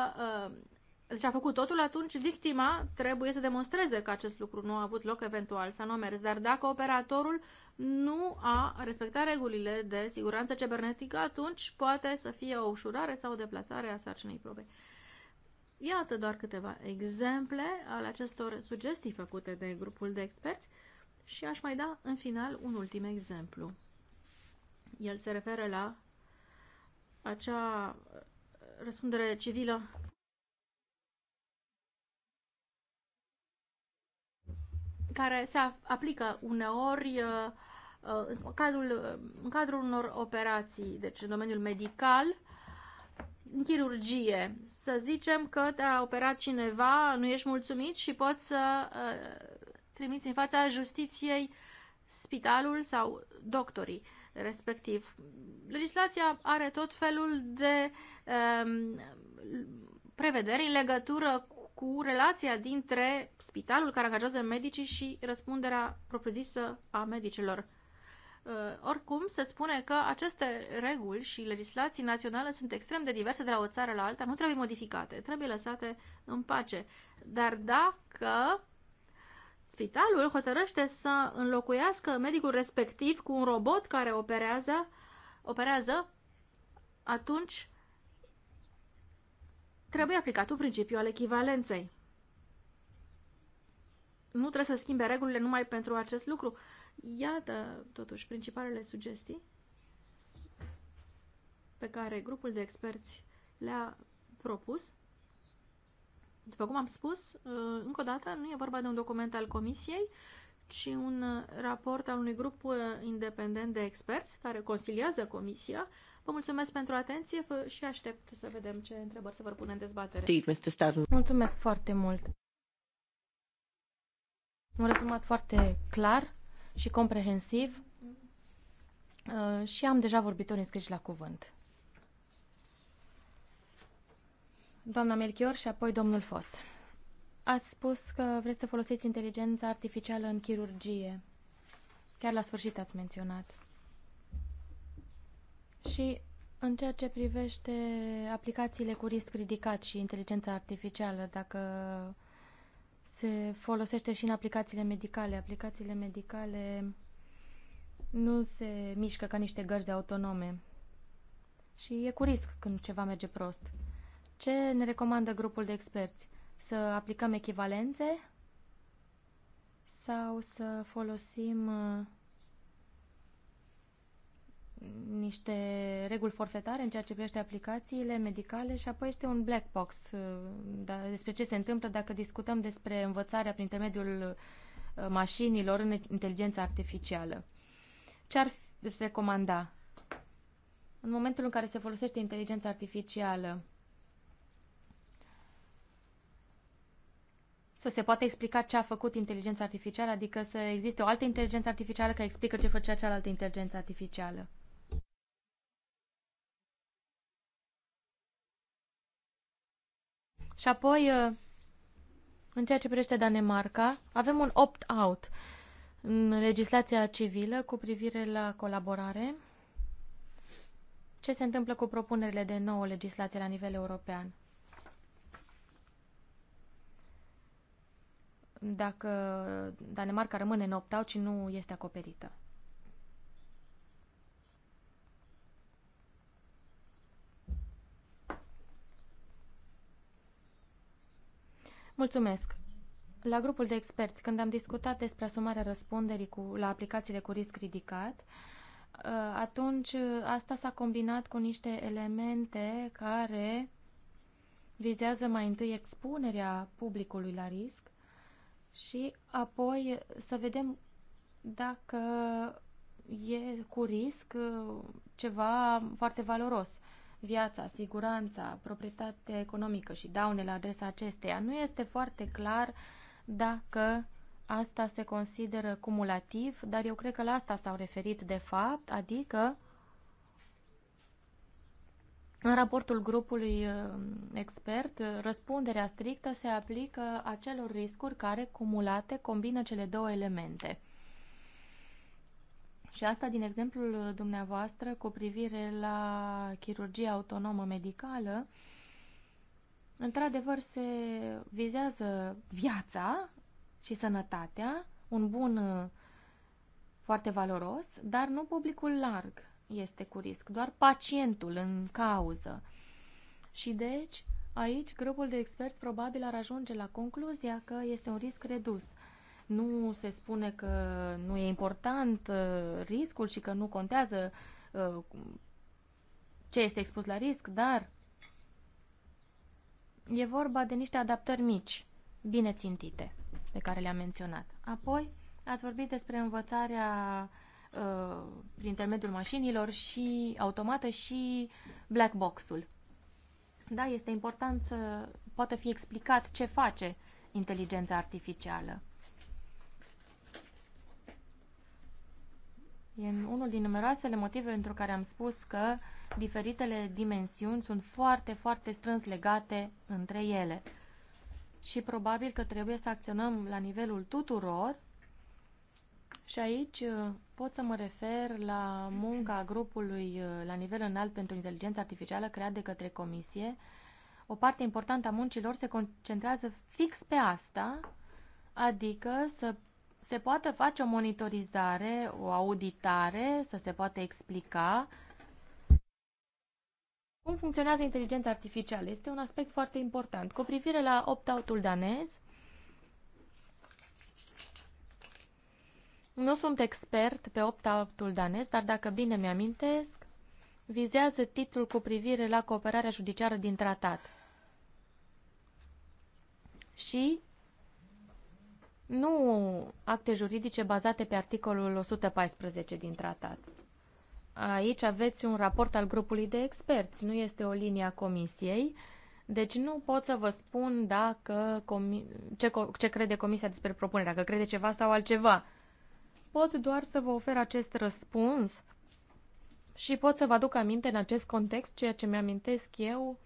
deci a făcut totul, atunci victima trebuie să demonstreze că acest lucru nu a avut loc eventual, să nu a mers. Dar dacă operatorul nu a respectat regulile de siguranță cibernetică, atunci poate să fie o ușurare sau o deplasare a sarcinii probe. Iată doar câteva exemple ale acestor sugestii făcute de grupul de experți și aș mai da în final un ultim exemplu. El se referă la acea răspundere civilă care se aplică uneori uh, uh, în cadrul, uh, în cadrul unor operații, deci în domeniul medical, în chirurgie. Să zicem că te-a operat cineva, nu ești mulțumit și poți să trimiți în fața justiției spitalul sau doctorii respectiv. Legislația are tot felul de um, prevederi în legătură cu relația dintre spitalul care angajează medicii și răspunderea propriu-zisă a medicilor. Uh, oricum, se spune că aceste reguli și legislații naționale sunt extrem de diverse de la o țară la alta, nu trebuie modificate, trebuie lăsate în pace. Dar dacă spitalul hotărăște să înlocuiască medicul respectiv cu un robot care operează, operează atunci trebuie aplicat un principiu al echivalenței. Nu trebuie să schimbe regulile numai pentru acest lucru. Iată, totuși, principalele sugestii pe care grupul de experți le-a propus. După cum am spus, uh, încă o dată, nu e vorba de un document al Comisiei, ci un uh, raport al unui grup uh, independent de experți care consiliază Comisia Vă mulțumesc pentru atenție și aștept să vedem ce întrebări se vor pune în dezbatere. Mulțumesc foarte mult! Un rezumat foarte clar și comprehensiv uh, și am deja vorbitori înscriși la cuvânt. Doamna Melchior și apoi domnul Fos. Ați spus că vreți să folosiți inteligența artificială în chirurgie. Chiar la sfârșit ați menționat. Și în ceea ce privește aplicațiile cu risc ridicat și inteligența artificială, dacă se folosește și în aplicațiile medicale, aplicațiile medicale nu se mișcă ca niște gărzi autonome și e cu risc când ceva merge prost. Ce ne recomandă grupul de experți? Să aplicăm echivalențe sau să folosim uh, niște reguli forfetare în ceea ce privește aplicațiile medicale și apoi este un black box uh, da, despre ce se întâmplă dacă discutăm despre învățarea prin intermediul uh, mașinilor în inteligența artificială. Ce ar recomanda? În momentul în care se folosește inteligența artificială, să se poată explica ce a făcut inteligența artificială, adică să existe o altă inteligență artificială care explică ce făcea cealaltă inteligență artificială. Și apoi, uh, în ceea ce privește Danemarca, avem un opt-out în legislația civilă cu privire la colaborare. Ce se întâmplă cu propunerile de nouă legislație la nivel european? Dacă Danemarca rămâne în opt-out și nu este acoperită. Mulțumesc! La grupul de experți, când am discutat despre asumarea răspunderii cu, la aplicațiile cu risc ridicat, uh, atunci uh, asta s-a combinat cu niște elemente care vizează mai întâi expunerea publicului la risc și apoi să vedem dacă e cu risc uh, ceva foarte valoros viața, siguranța, proprietatea economică și daune la adresa acesteia. Nu este foarte clar dacă asta se consideră cumulativ, dar eu cred că la asta s-au referit de fapt, adică în raportul grupului uh, expert, răspunderea strictă se aplică acelor riscuri care, cumulate, combină cele două elemente. Și asta din exemplul uh, dumneavoastră cu privire la chirurgia autonomă medicală, într-adevăr se vizează viața și sănătatea, un bun uh, foarte valoros, dar nu publicul larg este cu risc, doar pacientul în cauză. Și deci, aici, grupul de experți probabil ar ajunge la concluzia că este un risc redus – nu se spune că nu e important uh, riscul și că nu contează uh, ce este expus la risc, dar e vorba de niște adaptări mici, bine țintite, pe care le-am menționat. Apoi, ați vorbit despre învățarea uh, prin intermediul mașinilor și automată și black box-ul. Da, este important să poată fi explicat ce face inteligența artificială. E unul din numeroasele motive pentru care am spus că diferitele dimensiuni sunt foarte, foarte strâns legate între ele. Și probabil că trebuie să acționăm la nivelul tuturor și aici uh, pot să mă refer la munca grupului uh, la nivel înalt pentru inteligența artificială creat de către comisie. O parte importantă a muncilor se concentrează fix pe asta, adică să se poată face o monitorizare, o auditare, să se poată explica cum funcționează inteligența artificială. Este un aspect foarte important. Cu privire la opt-out-ul danez, nu sunt expert pe opt-out-ul danez, dar dacă bine mi-amintesc, vizează titlul cu privire la cooperarea judiciară din tratat. Și nu acte juridice bazate pe articolul 114 din tratat. Aici aveți un raport al grupului de experți, nu este o linie a comisiei, deci nu pot să vă spun dacă ce, ce crede comisia despre propunere, dacă crede ceva sau altceva. Pot doar să vă ofer acest răspuns și pot să vă aduc aminte în acest context ceea ce mi-amintesc eu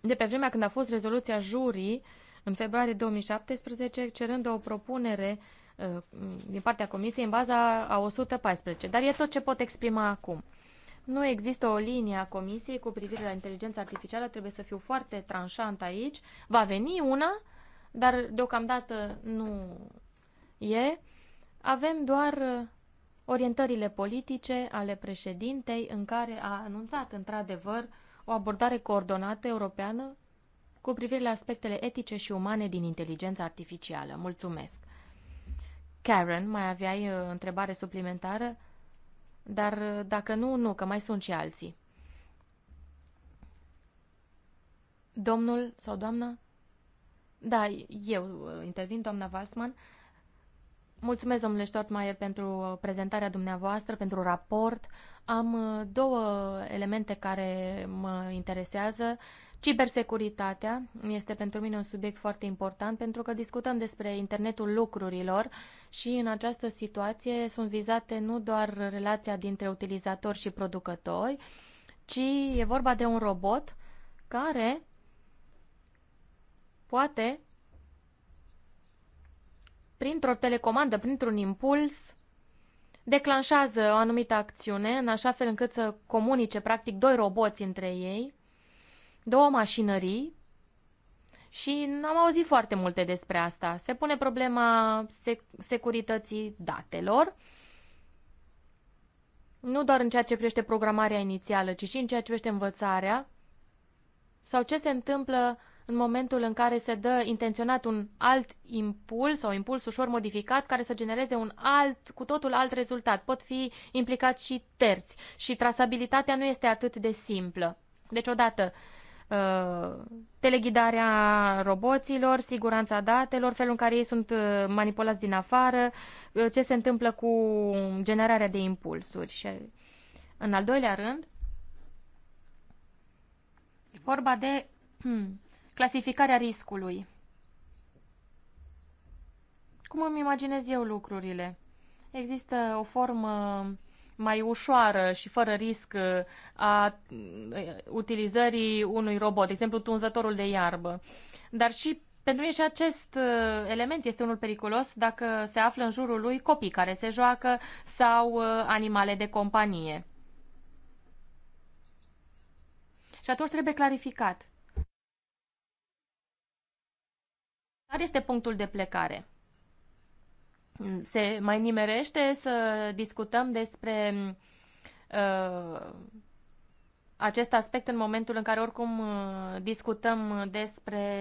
de pe vremea când a fost rezoluția jurii în februarie 2017, cerând o propunere uh, din partea Comisiei în baza a 114. Dar e tot ce pot exprima acum. Nu există o linie a Comisiei cu privire la inteligența artificială, trebuie să fiu foarte tranșant aici. Va veni una, dar deocamdată nu e. Avem doar uh, orientările politice ale președintei în care a anunțat într-adevăr o abordare coordonată europeană cu privire la aspectele etice și umane din inteligența artificială. Mulțumesc! Karen, mai aveai uh, întrebare suplimentară? Dar uh, dacă nu, nu, că mai sunt și alții. Domnul sau doamna? Da, eu uh, intervin, doamna Valsman. Mulțumesc, domnule Stortmaier, pentru prezentarea dumneavoastră, pentru raport. Am două elemente care mă interesează. Uh, Cibersecuritatea este pentru mine un subiect foarte important pentru că discutăm despre internetul lucrurilor și în această situație sunt vizate nu doar relația dintre utilizatori și producători, ci e vorba de un robot care poate printr-o telecomandă, printr-un impuls, declanșează o anumită acțiune în așa fel încât să comunice practic doi roboți între ei două mașinării și n-am auzit foarte multe despre asta. Se pune problema sec- securității datelor, nu doar în ceea ce privește programarea inițială, ci și în ceea ce privește învățarea sau ce se întâmplă în momentul în care se dă intenționat un alt impuls sau impuls ușor modificat care să genereze un alt, cu totul alt rezultat. Pot fi implicați și terți și trasabilitatea nu este atât de simplă. Deci, odată, Uh, teleghidarea roboților, siguranța datelor, felul în care ei sunt uh, manipulați din afară, uh, ce se întâmplă cu generarea de impulsuri. Și în al doilea rând, e vorba de hmm, clasificarea riscului. Cum îmi imaginez eu lucrurile? Există o formă mai ușoară și fără risc uh, a uh, utilizării unui robot, de exemplu tunzătorul de iarbă. Dar și pentru mine și acest uh, element este unul periculos dacă se află în jurul lui copii care se joacă sau animale de companie. Și atunci trebuie clarificat. Care este punctul de plecare? se mai nimerește să discutăm despre uh, acest aspect în momentul în care oricum uh, discutăm despre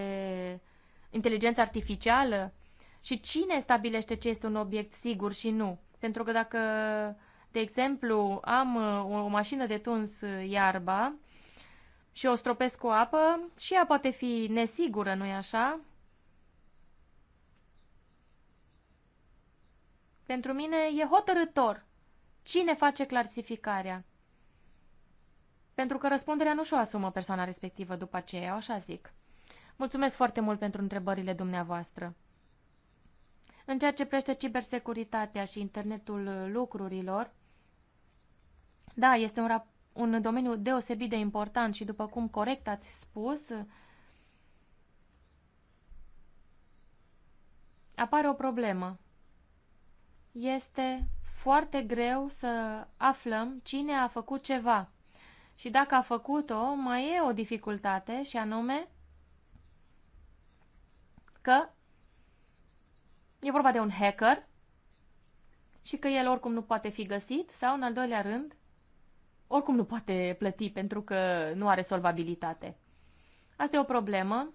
inteligența artificială și cine stabilește ce este un obiect sigur și nu. Pentru că dacă, de exemplu, am uh, o mașină de tuns uh, iarba și o stropesc cu apă, și ea poate fi nesigură, nu-i așa? Pentru mine e hotărător cine face clasificarea. Pentru că răspunderea nu și-o asumă persoana respectivă după aceea, așa zic. Mulțumesc foarte mult pentru întrebările dumneavoastră. În ceea ce prește cibersecuritatea și internetul lucrurilor, da, este un, un domeniu deosebit de important și, după cum corect ați spus, apare o problemă este foarte greu să aflăm cine a făcut ceva. Și dacă a făcut-o, mai e o dificultate și anume că e vorba de un hacker și că el oricum nu poate fi găsit sau, în al doilea rând, oricum nu poate plăti pentru că nu are solvabilitate. Asta e o problemă,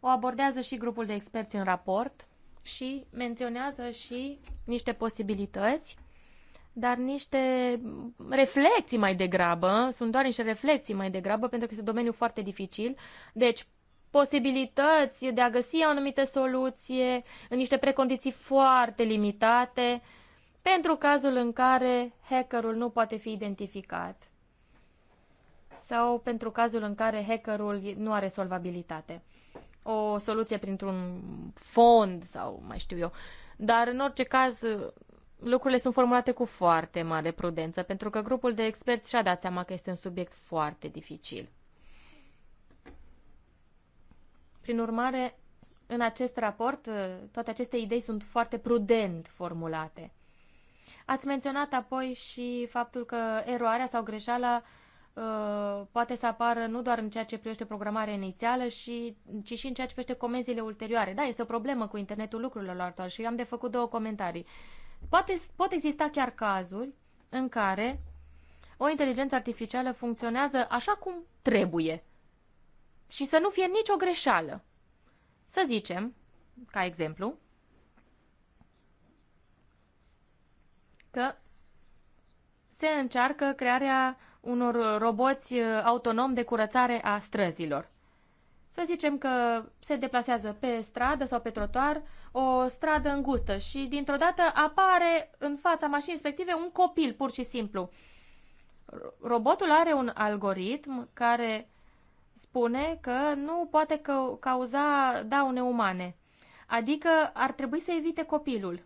o abordează și grupul de experți în raport și menționează și niște posibilități, dar niște reflecții mai degrabă, sunt doar niște reflecții mai degrabă, pentru că este un domeniu foarte dificil. Deci, posibilități de a găsi o anumită soluție în niște precondiții foarte limitate, pentru cazul în care hackerul nu poate fi identificat sau pentru cazul în care hackerul nu are solvabilitate o soluție printr-un fond sau mai știu eu. Dar, în orice caz, lucrurile sunt formulate cu foarte mare prudență, pentru că grupul de experți și-a dat seama că este un subiect foarte dificil. Prin urmare, în acest raport, toate aceste idei sunt foarte prudent formulate. Ați menționat apoi și faptul că eroarea sau greșeala Uh, poate să apară nu doar în ceea ce privește programarea inițială, și, ci și în ceea ce privește comenzile ulterioare. Da, este o problemă cu internetul lucrurilor lor și am de făcut două comentarii. Poate, pot exista chiar cazuri în care o inteligență artificială funcționează așa cum trebuie și să nu fie nicio greșeală. Să zicem, ca exemplu, că se încearcă crearea unor roboți uh, autonom de curățare a străzilor. Să zicem că se deplasează pe stradă sau pe trotuar o stradă îngustă și dintr-o dată apare în fața mașinii respective un copil, pur și simplu. Robotul are un algoritm care spune că nu poate cauza daune umane. Adică ar trebui să evite copilul.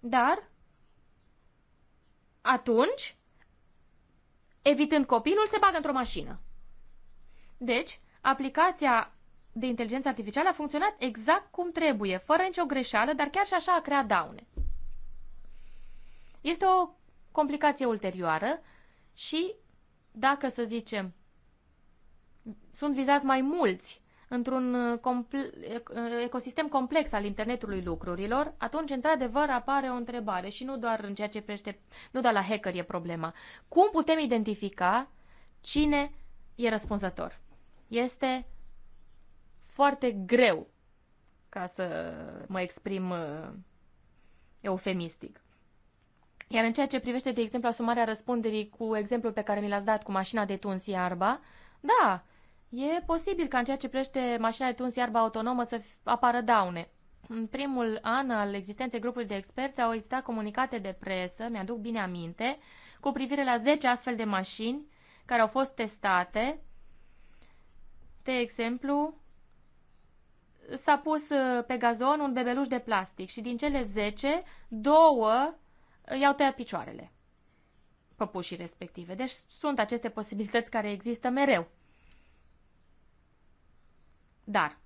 Dar atunci evitând copilul, se bagă într-o mașină. Deci, aplicația de inteligență artificială a funcționat exact cum trebuie, fără nicio greșeală, dar chiar și așa a creat daune. Este o complicație ulterioară și, dacă să zicem, sunt vizați mai mulți într-un uh, compl- uh, ecosistem complex al internetului lucrurilor, atunci, într-adevăr, apare o întrebare și nu doar în ceea ce prește, nu doar la hacker e problema. Cum putem identifica cine e răspunzător? Este foarte greu ca să mă exprim uh, eufemistic. Iar în ceea ce privește, de exemplu, asumarea răspunderii cu exemplul pe care mi l-ați dat cu mașina de tuns iarba, da, E posibil ca în ceea ce prește mașina de tuns iarba autonomă să apară daune. În primul an al existenței grupului de experți au existat comunicate de presă, mi-aduc bine aminte, cu privire la 10 astfel de mașini care au fost testate. De exemplu, s-a pus uh, pe gazon un bebeluș de plastic și din cele 10, două uh, i-au tăiat picioarele păpușii respective. Deci sunt aceste posibilități care există mereu. Dar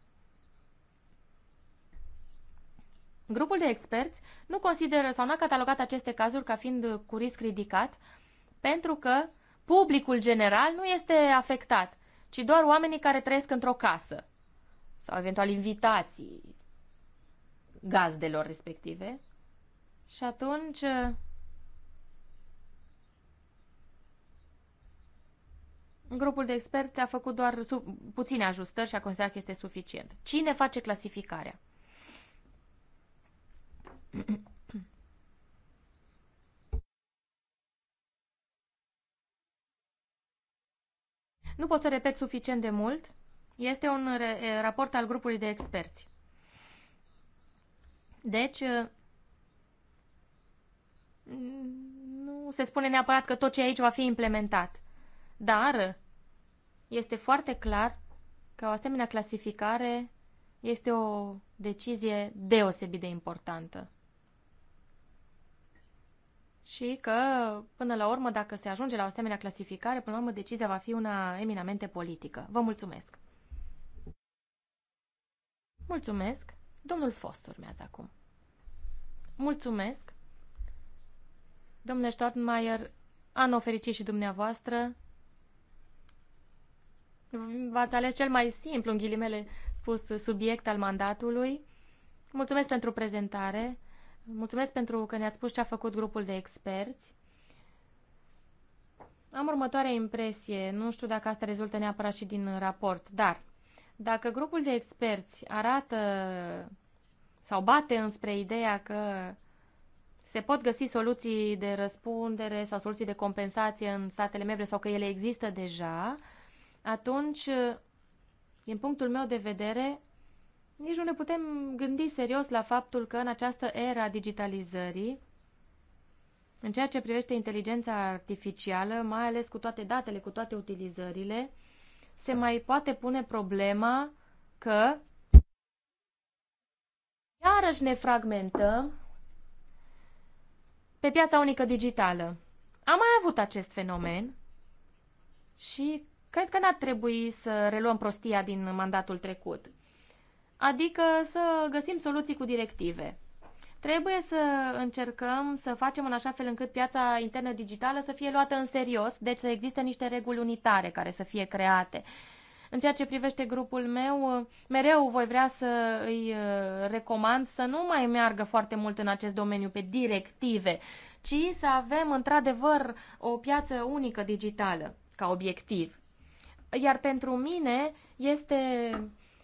grupul de experți nu consideră sau nu a catalogat aceste cazuri ca fiind cu risc ridicat pentru că publicul general nu este afectat, ci doar oamenii care trăiesc într-o casă sau eventual invitații gazdelor respective. Și atunci Grupul de experți a făcut doar puține ajustări și a considerat că este suficient. Cine face clasificarea? Nu pot să repet suficient de mult. Este un raport al grupului de experți. Deci, nu se spune neapărat că tot ce aici va fi implementat. Dar este foarte clar că o asemenea clasificare este o decizie deosebit de importantă. Și că, până la urmă, dacă se ajunge la o asemenea clasificare, până la urmă decizia va fi una eminamente politică. Vă mulțumesc! Mulțumesc! Domnul Fost urmează acum. Mulțumesc! Domnule Stortmeier, anul fericit și dumneavoastră V-ați ales cel mai simplu, în ghilimele spus, subiect al mandatului. Mulțumesc pentru prezentare. Mulțumesc pentru că ne-ați spus ce a făcut grupul de experți. Am următoarea impresie, nu știu dacă asta rezultă neapărat și din raport, dar dacă grupul de experți arată sau bate înspre ideea că se pot găsi soluții de răspundere sau soluții de compensație în statele membre sau că ele există deja, atunci, din punctul meu de vedere, nici nu ne putem gândi serios la faptul că în această era digitalizării, în ceea ce privește inteligența artificială, mai ales cu toate datele, cu toate utilizările, se mai poate pune problema că iarăși ne fragmentăm pe piața unică digitală. Am mai avut acest fenomen și cred că n-ar trebui să reluăm prostia din mandatul trecut. Adică să găsim soluții cu directive. Trebuie să încercăm să facem în așa fel încât piața internă digitală să fie luată în serios, deci să existe niște reguli unitare care să fie create. În ceea ce privește grupul meu, mereu voi vrea să îi uh, recomand să nu mai meargă foarte mult în acest domeniu pe directive, ci să avem într-adevăr o piață unică digitală ca obiectiv. Iar pentru mine este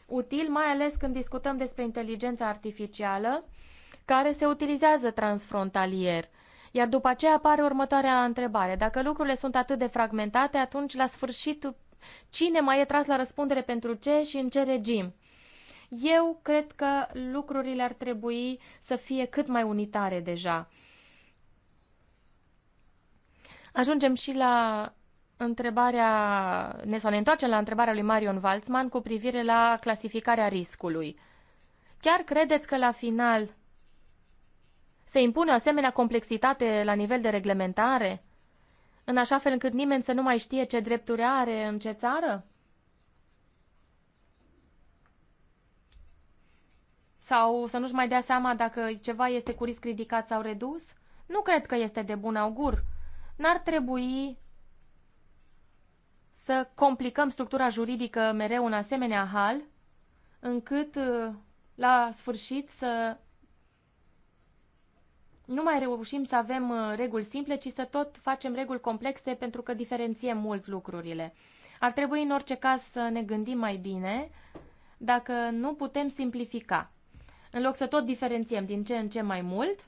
util, mai ales când discutăm despre inteligența artificială, care se utilizează transfrontalier. Iar după aceea apare următoarea întrebare. Dacă lucrurile sunt atât de fragmentate, atunci la sfârșit cine mai e tras la răspundere pentru ce și în ce regim? Eu cred că lucrurile ar trebui să fie cât mai unitare deja. Ajungem și la întrebarea, ne, sau ne întoarcem la întrebarea lui Marion Waltzman cu privire la clasificarea riscului. Chiar credeți că la final se impune o asemenea complexitate la nivel de reglementare? În așa fel încât nimeni să nu mai știe ce drepturi are în ce țară? Sau să nu-și mai dea seama dacă ceva este cu risc ridicat sau redus? Nu cred că este de bun augur. N-ar trebui să complicăm structura juridică mereu în asemenea hal, încât uh, la sfârșit să nu mai reușim să avem uh, reguli simple, ci să tot facem reguli complexe pentru că diferențiem mult lucrurile. Ar trebui în orice caz să ne gândim mai bine dacă nu putem simplifica. În loc să tot diferențiem din ce în ce mai mult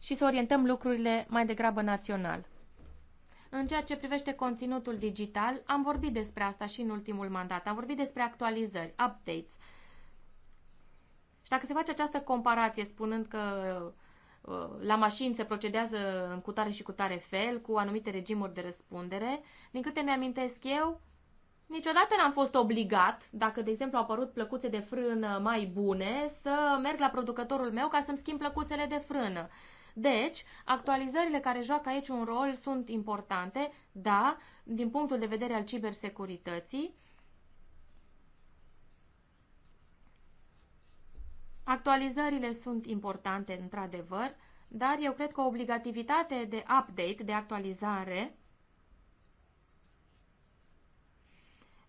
și să orientăm lucrurile mai degrabă național. În ceea ce privește conținutul digital, am vorbit despre asta și în ultimul mandat. Am vorbit despre actualizări, updates. Și dacă se face această comparație spunând că uh, la mașini se procedează în cutare și cutare fel, cu anumite regimuri de răspundere, din câte mi-amintesc eu, Niciodată n-am fost obligat, dacă, de exemplu, au apărut plăcuțe de frână mai bune, să merg la producătorul meu ca să-mi schimb plăcuțele de frână. Deci, actualizările care joacă aici un rol sunt importante, da, din punctul de vedere al cibersecurității. Actualizările sunt importante, într-adevăr, dar eu cred că o obligativitate de update, de actualizare,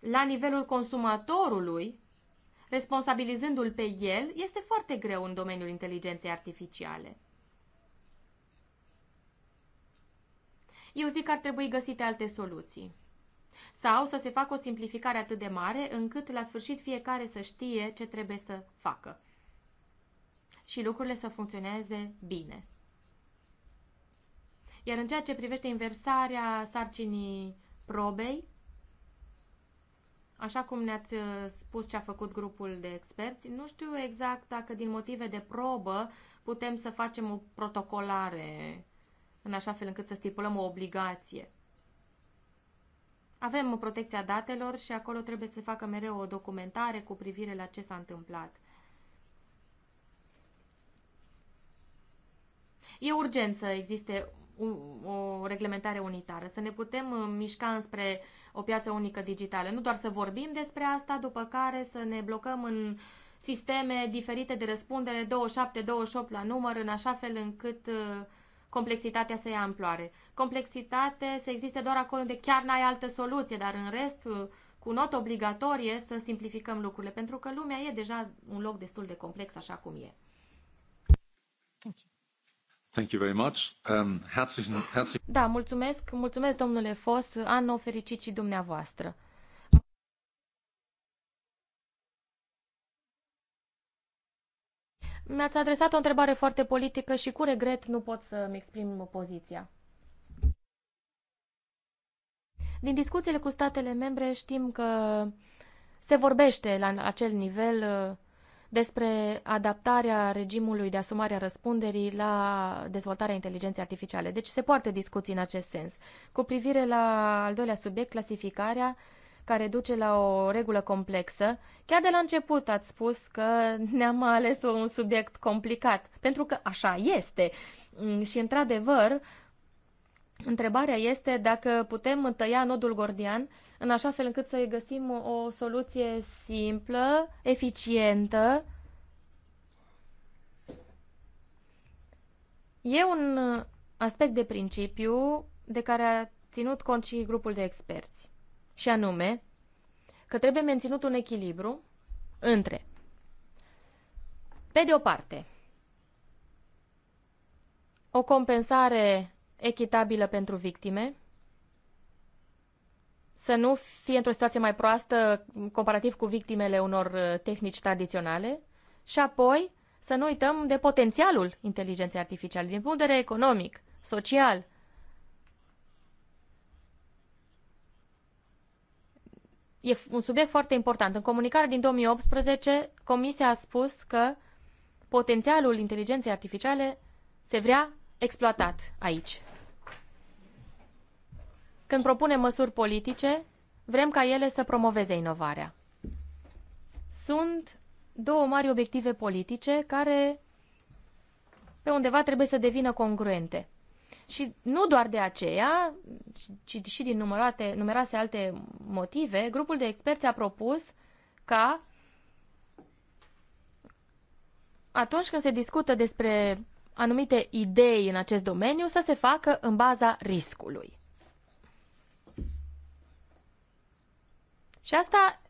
la nivelul consumatorului, responsabilizându-l pe el, este foarte greu în domeniul inteligenței artificiale. eu zic că ar trebui găsite alte soluții. Sau să se facă o simplificare atât de mare încât la sfârșit fiecare să știe ce trebuie să facă și lucrurile să funcționeze bine. Iar în ceea ce privește inversarea sarcinii probei, Așa cum ne-ați uh, spus ce a făcut grupul de experți, nu știu exact dacă din motive de probă putem să facem o protocolare în așa fel încât să stipulăm o obligație. Avem protecția datelor și acolo trebuie să se facă mereu o documentare cu privire la ce s-a întâmplat. E urgent să existe o reglementare unitară, să ne putem uh, mișca înspre o piață unică digitală. Nu doar să vorbim despre asta, după care să ne blocăm în sisteme diferite de răspundere, 27-28 la număr, în așa fel încât uh, complexitatea să ia amploare. Complexitate să existe doar acolo unde chiar n-ai altă soluție, dar în rest, cu notă obligatorie, să simplificăm lucrurile, pentru că lumea e deja un loc destul de complex așa cum e. Thank you. Thank you very much. Um, herzlichen, herzlichen... Da, mulțumesc, mulțumesc domnule Fos, anul fericit și dumneavoastră. Mi-ați adresat o întrebare foarte politică și cu regret nu pot să-mi exprim poziția. Din discuțiile cu statele membre știm că se vorbește la acel nivel uh, despre adaptarea regimului de asumare a răspunderii la dezvoltarea inteligenței artificiale. Deci se poartă discuții în acest sens. Cu privire la al doilea subiect, clasificarea, care duce la o regulă complexă. Chiar de la început ați spus că ne-am ales un subiect complicat, pentru că așa este. Mm, și, într-adevăr, întrebarea este dacă putem tăia nodul gordian în așa fel încât să găsim o soluție simplă, eficientă. E un aspect de principiu de care a ținut cont și grupul de experți și anume că trebuie menținut un echilibru între, pe de o parte, o compensare echitabilă pentru victime, să nu fie într-o situație mai proastă comparativ cu victimele unor uh, tehnici tradiționale și apoi să nu uităm de potențialul inteligenței artificiale din punct de vedere economic, social, e un subiect foarte important. În comunicarea din 2018, Comisia a spus că potențialul inteligenței artificiale se vrea exploatat aici. Când propunem măsuri politice, vrem ca ele să promoveze inovarea. Sunt două mari obiective politice care pe undeva trebuie să devină congruente. Și nu doar de aceea, ci și din numerate, numeroase alte motive, grupul de experți a propus ca atunci când se discută despre anumite idei în acest domeniu să se facă în baza riscului. Și asta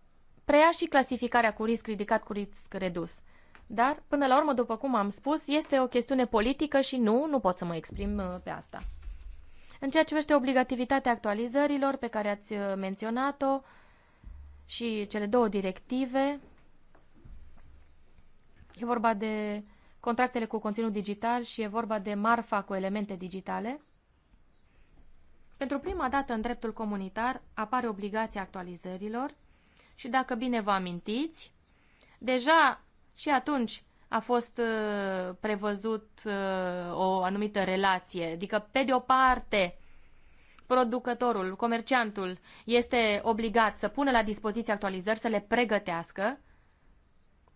preia și clasificarea cu risc ridicat, cu risc redus. Dar, până la urmă, după cum am spus, este o chestiune politică și nu, nu pot să mă exprim uh, pe asta. În ceea ce vește obligativitatea actualizărilor pe care ați uh, menționat-o și cele două directive, e vorba de contractele cu conținut digital și e vorba de marfa cu elemente digitale. Pentru prima dată în dreptul comunitar apare obligația actualizărilor și dacă bine vă amintiți, deja și atunci a fost uh, prevăzut uh, o anumită relație. Adică, pe de o parte, producătorul, comerciantul este obligat să pună la dispoziție actualizări, să le pregătească,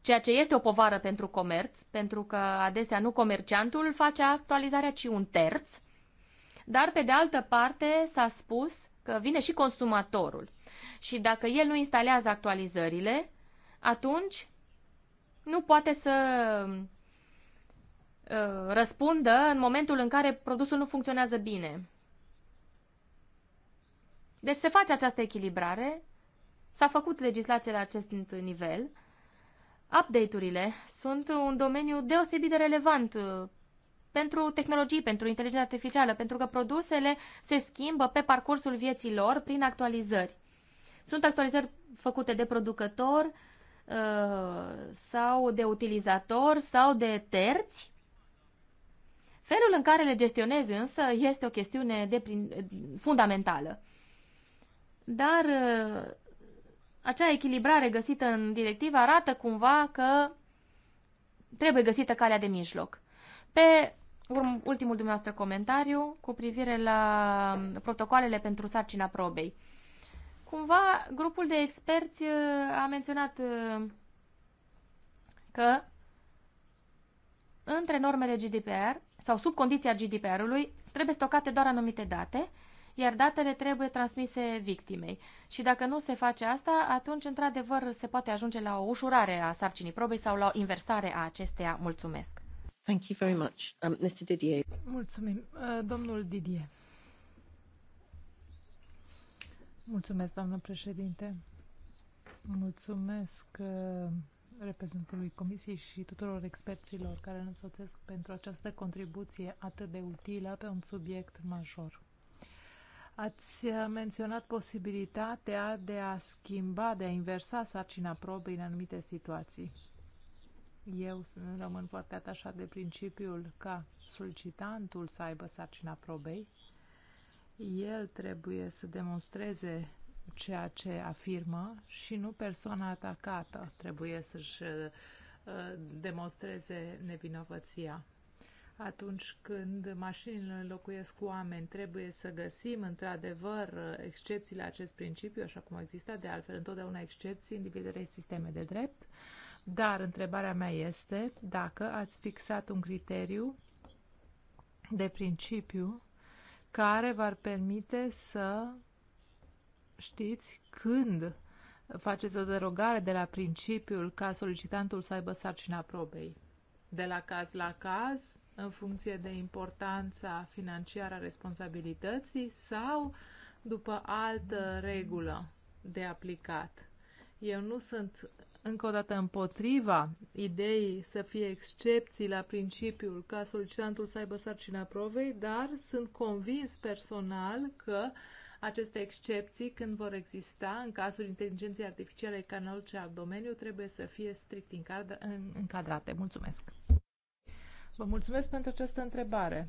ceea ce este o povară pentru comerț, pentru că adesea nu comerciantul face actualizarea, ci un terț. Dar, pe de altă parte, s-a spus că vine și consumatorul. Și dacă el nu instalează actualizările, atunci nu poate să uh, răspundă în momentul în care produsul nu funcționează bine. Deci se face această echilibrare, s-a făcut legislația la acest nivel. Update-urile sunt un domeniu deosebit de relevant uh, pentru tehnologii, pentru inteligența artificială, pentru că produsele se schimbă pe parcursul vieții lor prin actualizări. Sunt actualizări făcute de producător, Uh, sau de utilizator sau de terți. Felul în care le gestionezi însă este o chestiune de prin, fundamentală. Dar uh, acea echilibrare găsită în directivă arată cumva că trebuie găsită calea de mijloc. Pe ultimul dumneavoastră comentariu cu privire la protocoalele pentru sarcina probei. Cumva, grupul de experți uh, a menționat uh, că între normele GDPR sau sub condiția GDPR-ului trebuie stocate doar anumite date, iar datele trebuie transmise victimei. Și dacă nu se face asta, atunci, într-adevăr, se poate ajunge la o ușurare a sarcinii probei sau la o inversare a acesteia. Mulțumesc! Thank you very much, um, Mr. Didier. Mulțumim, uh, domnul Didier. Mulțumesc, doamnă președinte. Mulțumesc uh, reprezentantului Comisiei și tuturor experților care ne însoțesc pentru această contribuție atât de utilă pe un subiect major. Ați uh, menționat posibilitatea de a schimba, de a inversa sarcina probei în anumite situații. Eu rămân foarte atașat de principiul ca solicitantul să aibă sarcina probei el trebuie să demonstreze ceea ce afirmă și nu persoana atacată trebuie să-și uh, demonstreze nevinovăția. Atunci când mașinile înlocuiesc cu oameni, trebuie să găsim într-adevăr uh, excepții la acest principiu, așa cum există de altfel întotdeauna excepții în divizarea sisteme de drept, dar întrebarea mea este dacă ați fixat un criteriu de principiu care v-ar permite să știți când faceți o derogare de la principiul ca solicitantul să aibă sarcina probei. De la caz la caz, în funcție de importanța financiară a responsabilității sau după altă regulă de aplicat. Eu nu sunt încă o dată împotriva ideii să fie excepții la principiul ca solicitantul să aibă sarcina provei, dar sunt convins personal că aceste excepții, când vor exista, în cazul inteligenței artificiale ca în orice alt domeniu, trebuie să fie strict încadrate. Mulțumesc! Vă mulțumesc pentru această întrebare.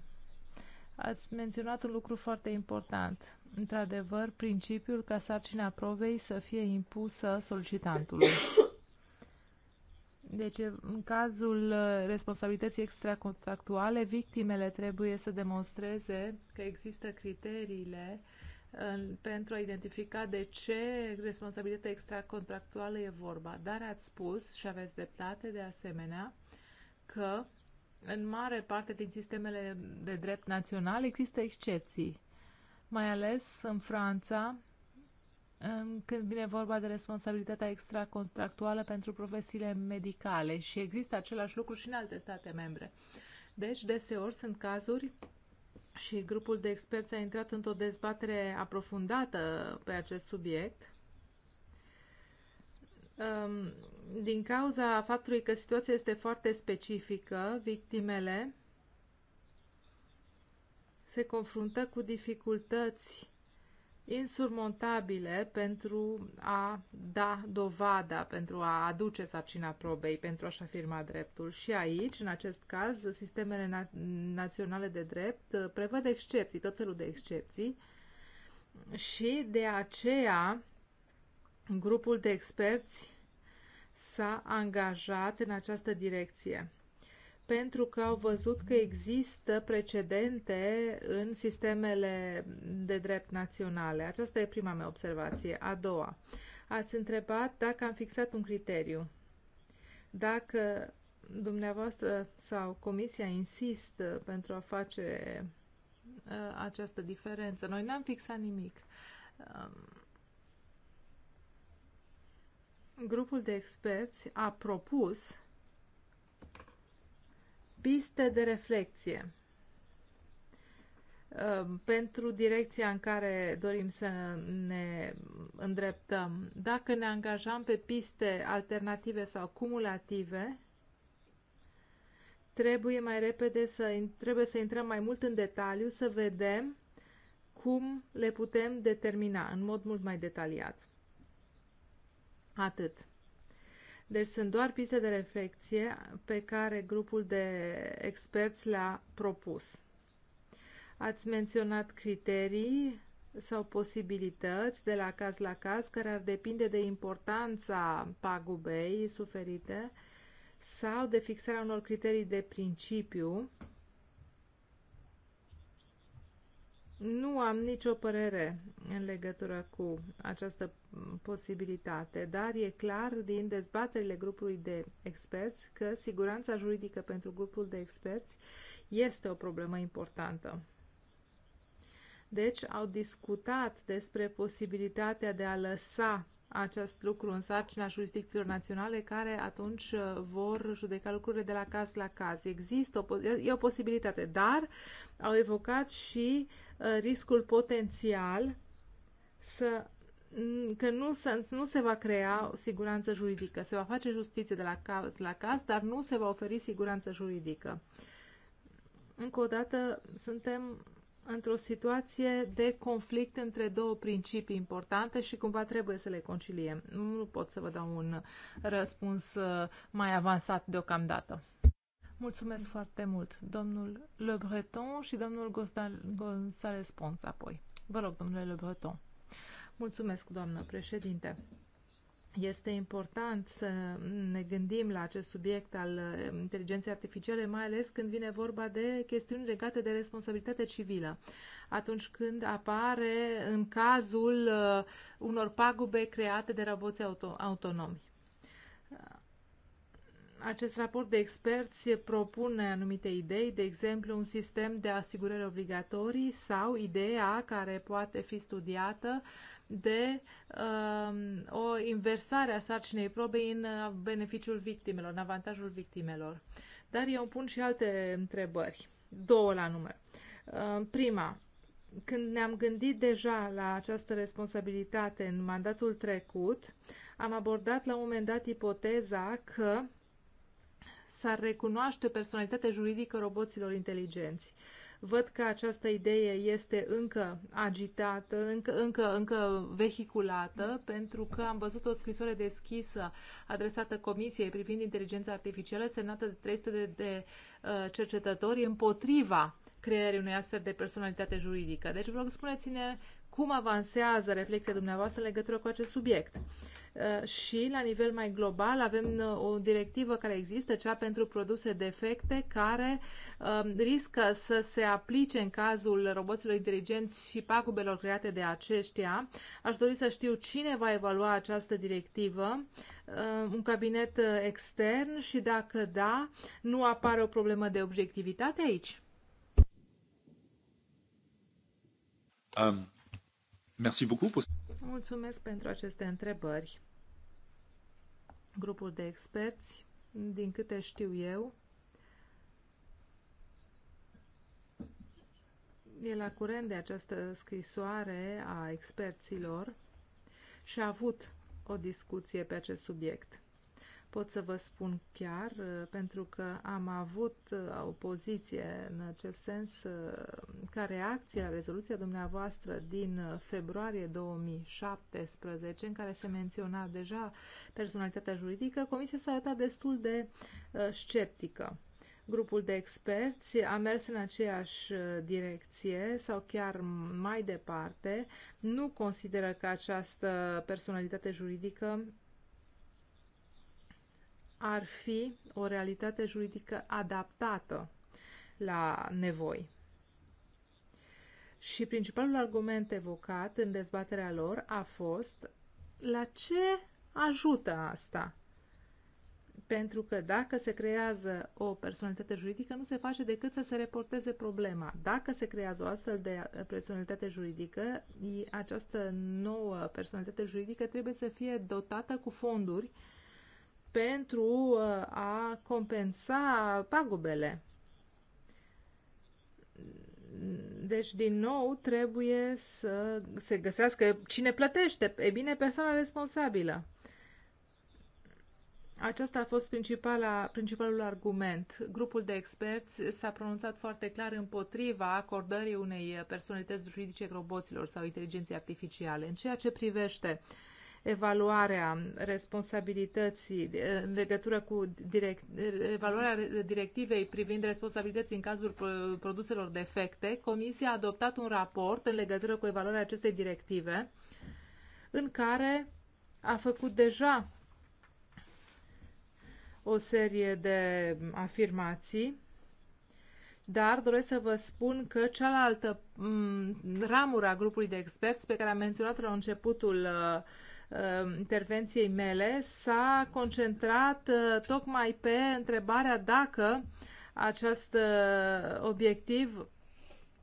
Ați menționat un lucru foarte important. Într-adevăr, principiul ca sarcina provei să fie impusă solicitantului. Deci, în cazul uh, responsabilității extracontractuale, victimele trebuie să demonstreze că există criteriile pentru a identifica de ce responsabilitatea extracontractuală e vorba. Dar ați spus și aveți dreptate de asemenea că în mare parte din sistemele de drept național există excepții, mai ales în Franța, când vine vorba de responsabilitatea extracontractuală pentru profesiile medicale și există același lucru și în alte state membre. Deci, deseori sunt cazuri și grupul de experți a intrat într-o dezbatere aprofundată pe acest subiect um, din cauza faptului că situația este foarte specifică, victimele se confruntă cu dificultăți insurmontabile pentru a da dovada, pentru a aduce sarcina probei, pentru a-și afirma dreptul. Și aici, în acest caz, sistemele na naționale de drept uh, prevăd excepții, tot felul de excepții și de aceea grupul de experți s-a angajat în această direcție pentru că au văzut că există precedente în sistemele de drept naționale. Aceasta e prima mea observație. A doua, ați întrebat dacă am fixat un criteriu. Dacă dumneavoastră sau comisia insistă pentru a face uh, această diferență, noi n-am fixat nimic. Um, grupul de experți a propus piste de reflexie um, pentru direcția în care dorim să ne îndreptăm. Dacă ne angajăm pe piste alternative sau cumulative, trebuie mai repede să, trebuie să intrăm mai mult în detaliu, să vedem cum le putem determina în mod mult mai detaliat. Atât. Deci sunt doar piste de reflexie pe care grupul de experți le-a propus. Ați menționat criterii sau posibilități de la caz la caz care ar depinde de importanța pagubei suferite sau de fixarea unor criterii de principiu Nu am nicio părere în legătură cu această posibilitate, dar e clar din dezbaterile grupului de experți că siguranța juridică pentru grupul de experți este o problemă importantă. Deci au discutat despre posibilitatea de a lăsa acest lucru în sarcina jurisdicțiilor naționale care atunci uh, vor judeca lucrurile de la caz la caz. Există o, e o posibilitate, dar au evocat și uh, riscul potențial să că nu se, nu se va crea siguranță juridică. Se va face justiție de la caz la caz, dar nu se va oferi siguranță juridică. Încă o dată, suntem într-o situație de conflict între două principii importante și cumva trebuie să le conciliem. Nu pot să vă dau un răspuns uh, mai avansat deocamdată. Mulțumesc foarte mult, domnul Le Breton și domnul González Pons apoi. Vă rog, domnule Le Breton. Mulțumesc, doamnă președinte. Este important să ne gândim la acest subiect al uh, inteligenței artificiale, mai ales când vine vorba de chestiuni legate de responsabilitate civilă. Atunci când apare în cazul uh, unor pagube create de roboții auto- autonomi. Uh, acest raport de experți propune anumite idei, de exemplu un sistem de asigurări obligatorii sau ideea care poate fi studiată uh, de uh, o inversare a sarcinei probei în uh, beneficiul victimelor, în avantajul victimelor. Dar eu îmi pun și alte întrebări, două la număr. Uh, prima, când ne-am gândit deja la această responsabilitate în mandatul trecut, am abordat la un moment dat ipoteza că s-ar recunoaște personalitatea juridică roboților inteligenți. Uh, Văd că această idee este încă agitată, încă, încă, încă vehiculată, pentru că am văzut o scrisoare deschisă adresată Comisiei privind inteligența artificială, semnată de 300 de, de uh, cercetători împotriva creării unei astfel de personalitate juridică. Deci vă rog, spuneți-ne cum avansează reflexia dumneavoastră în legătură cu acest subiect. Uh, și la nivel mai global avem uh, o directivă care există, cea pentru produse defecte, care um, riscă să se aplice în cazul roboților inteligenți și pagubelor create de aceștia. Aș dori să știu cine va evalua această directivă, uh, un cabinet extern și dacă da, nu apare o problemă de obiectivitate aici. Um, merci beaucoup. Pour... Mulțumesc pentru aceste întrebări. Grupul de experți, din câte știu eu, e la curent de această scrisoare a experților și a avut o discuție pe acest subiect pot să vă spun chiar, uh, pentru că am avut uh, o poziție în acest sens uh, ca reacție la rezoluția dumneavoastră din februarie 2017, în care se menționa deja personalitatea juridică, Comisia s-a arătat destul de sceptică. Grupul de experți a mers în aceeași direcție sau chiar mai departe. Nu consideră că această personalitate juridică ar fi o realitate juridică adaptată la nevoi. Și principalul argument evocat în dezbaterea lor a fost la ce ajută asta? Pentru că dacă se creează o personalitate juridică, nu se face decât să se reporteze problema. Dacă se creează o astfel de personalitate juridică, această nouă personalitate juridică trebuie să fie dotată cu fonduri uh, pentru uh, a compensa pagubele. Deci, din nou, trebuie să se găsească cine plătește. E bine, persoana responsabilă. Acesta a fost principala, principalul argument. Grupul de experți s-a pronunțat foarte clar împotriva acordării unei personalități juridice roboților sau inteligenței artificiale. În ceea ce privește uh, evaluarea responsabilității în legătură cu direct, evaluarea directivei privind responsabilității în cazul produselor defecte, Comisia a adoptat un raport în legătură cu evaluarea acestei directive în care a făcut deja o serie de afirmații dar doresc să vă spun că cealaltă ramură a grupului de experți pe care am menționat la începutul uh, Uh, intervenției mele s-a concentrat uh, tocmai pe întrebarea dacă acest uh, obiectiv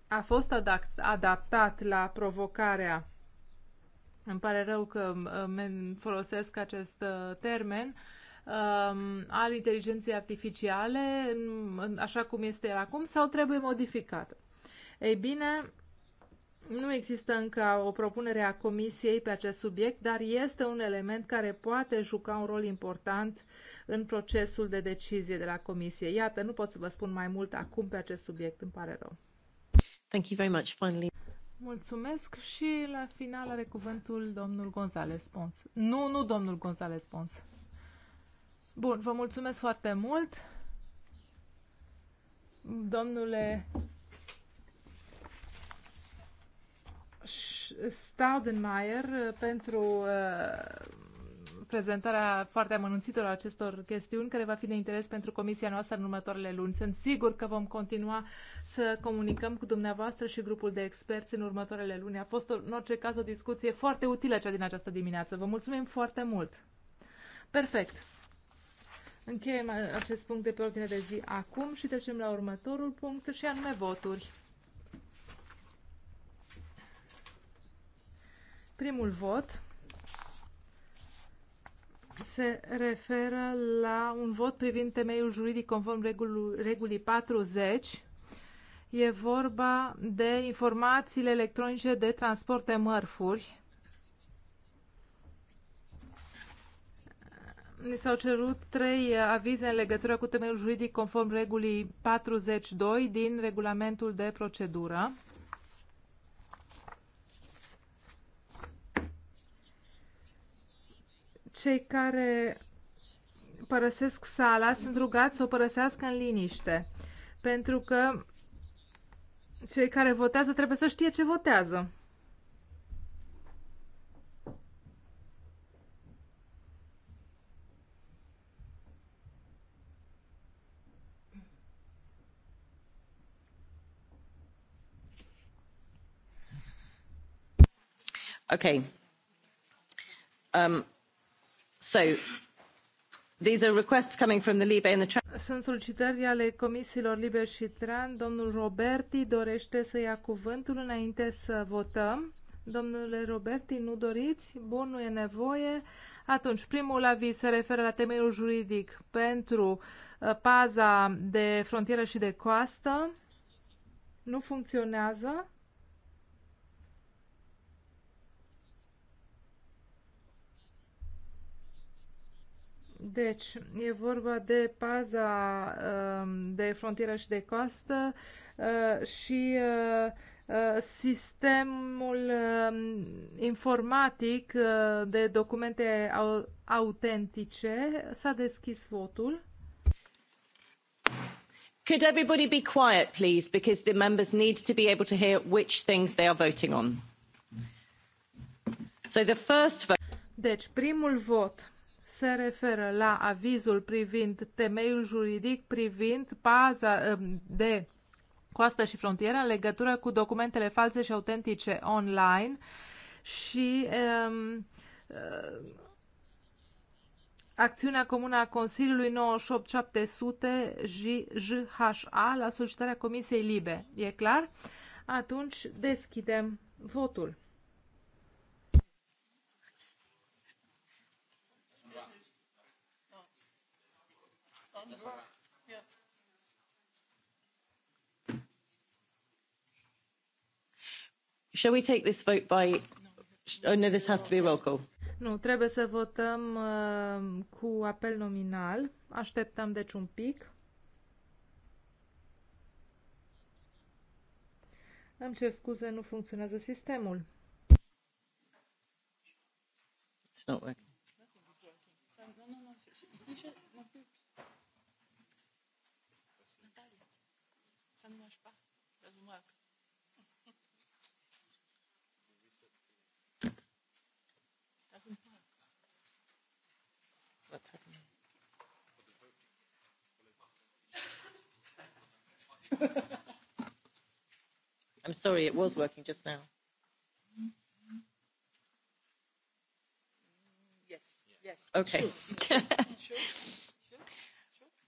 a fost adaptat la provocarea. Îmi pare rău că folosesc acest termen um, al inteligenței artificiale, așa cum este el acum, sau trebuie modificat Ei bine, nu există încă o propunere a Comisiei pe acest subiect, dar este un element care poate juca un rol important în procesul de decizie de la Comisie. Iată, nu pot să vă spun mai mult acum pe acest subiect, îmi pare rău. Thank you very much, finally. Mulțumesc și la final are cuvântul domnul González Pons. Nu, nu domnul González Pons. Bun, vă mulțumesc foarte mult. Domnule Staudenmayer uh, pentru uh, prezentarea foarte amănunțită a acestor chestiuni, care va fi de interes pentru comisia noastră în următoarele luni. Sunt sigur că vom continua să comunicăm cu dumneavoastră și grupul de experți în următoarele luni. A fost, în orice caz, o discuție foarte utilă cea din această dimineață. Vă mulțumim foarte mult! Perfect! Încheiem uh, acest punct de pe ordine de zi acum și trecem la următorul punct și anume voturi. Primul vot se referă la un vot privind temeiul juridic conform regulii 40. E vorba de informațiile electronice de transport de mărfuri. Ni s-au cerut trei avize în legătură cu temeiul juridic conform regulii 42 din regulamentul de procedură. Cei care părăsesc sala sunt rugați să o părăsească în liniște, pentru că cei care votează trebuie să știe ce votează. Okay. Um, So, these are requests coming from the Libe and the Sunt solicitări ale comisiilor Libe și Tran. Domnul Roberti dorește să ia cuvântul înainte să votăm. Domnule Roberti, nu doriți? Bun, nu e nevoie. Atunci, primul aviz se referă la temeiul juridic pentru uh, paza de frontieră și de coastă. Nu funcționează. Deci, e vorba de paza um, de frontieră și de coastă uh, și uh, uh, sistemul um, informatic de documente autentice. S-a deschis votul. Could everybody be quiet, please, because the members need to be able to hear which things they are voting on. So the first vote. Deci, primul vot se referă la avizul privind temeiul juridic, privind paza um, de coastă și frontieră în legătură cu documentele false și autentice online și um, uh, acțiunea comună a Consiliului 98700 JHA la solicitarea Comisiei Libe. E clar? Atunci deschidem votul. Shall we take this vote by... Oh, no, this has to be a roll call. Nu, trebuie să votăm uh, cu apel nominal. Așteptăm deci un pic. Îmi cer scuze, nu funcționează sistemul. It's not working. I'm sorry, it was working just now. Yes, yes. Okay.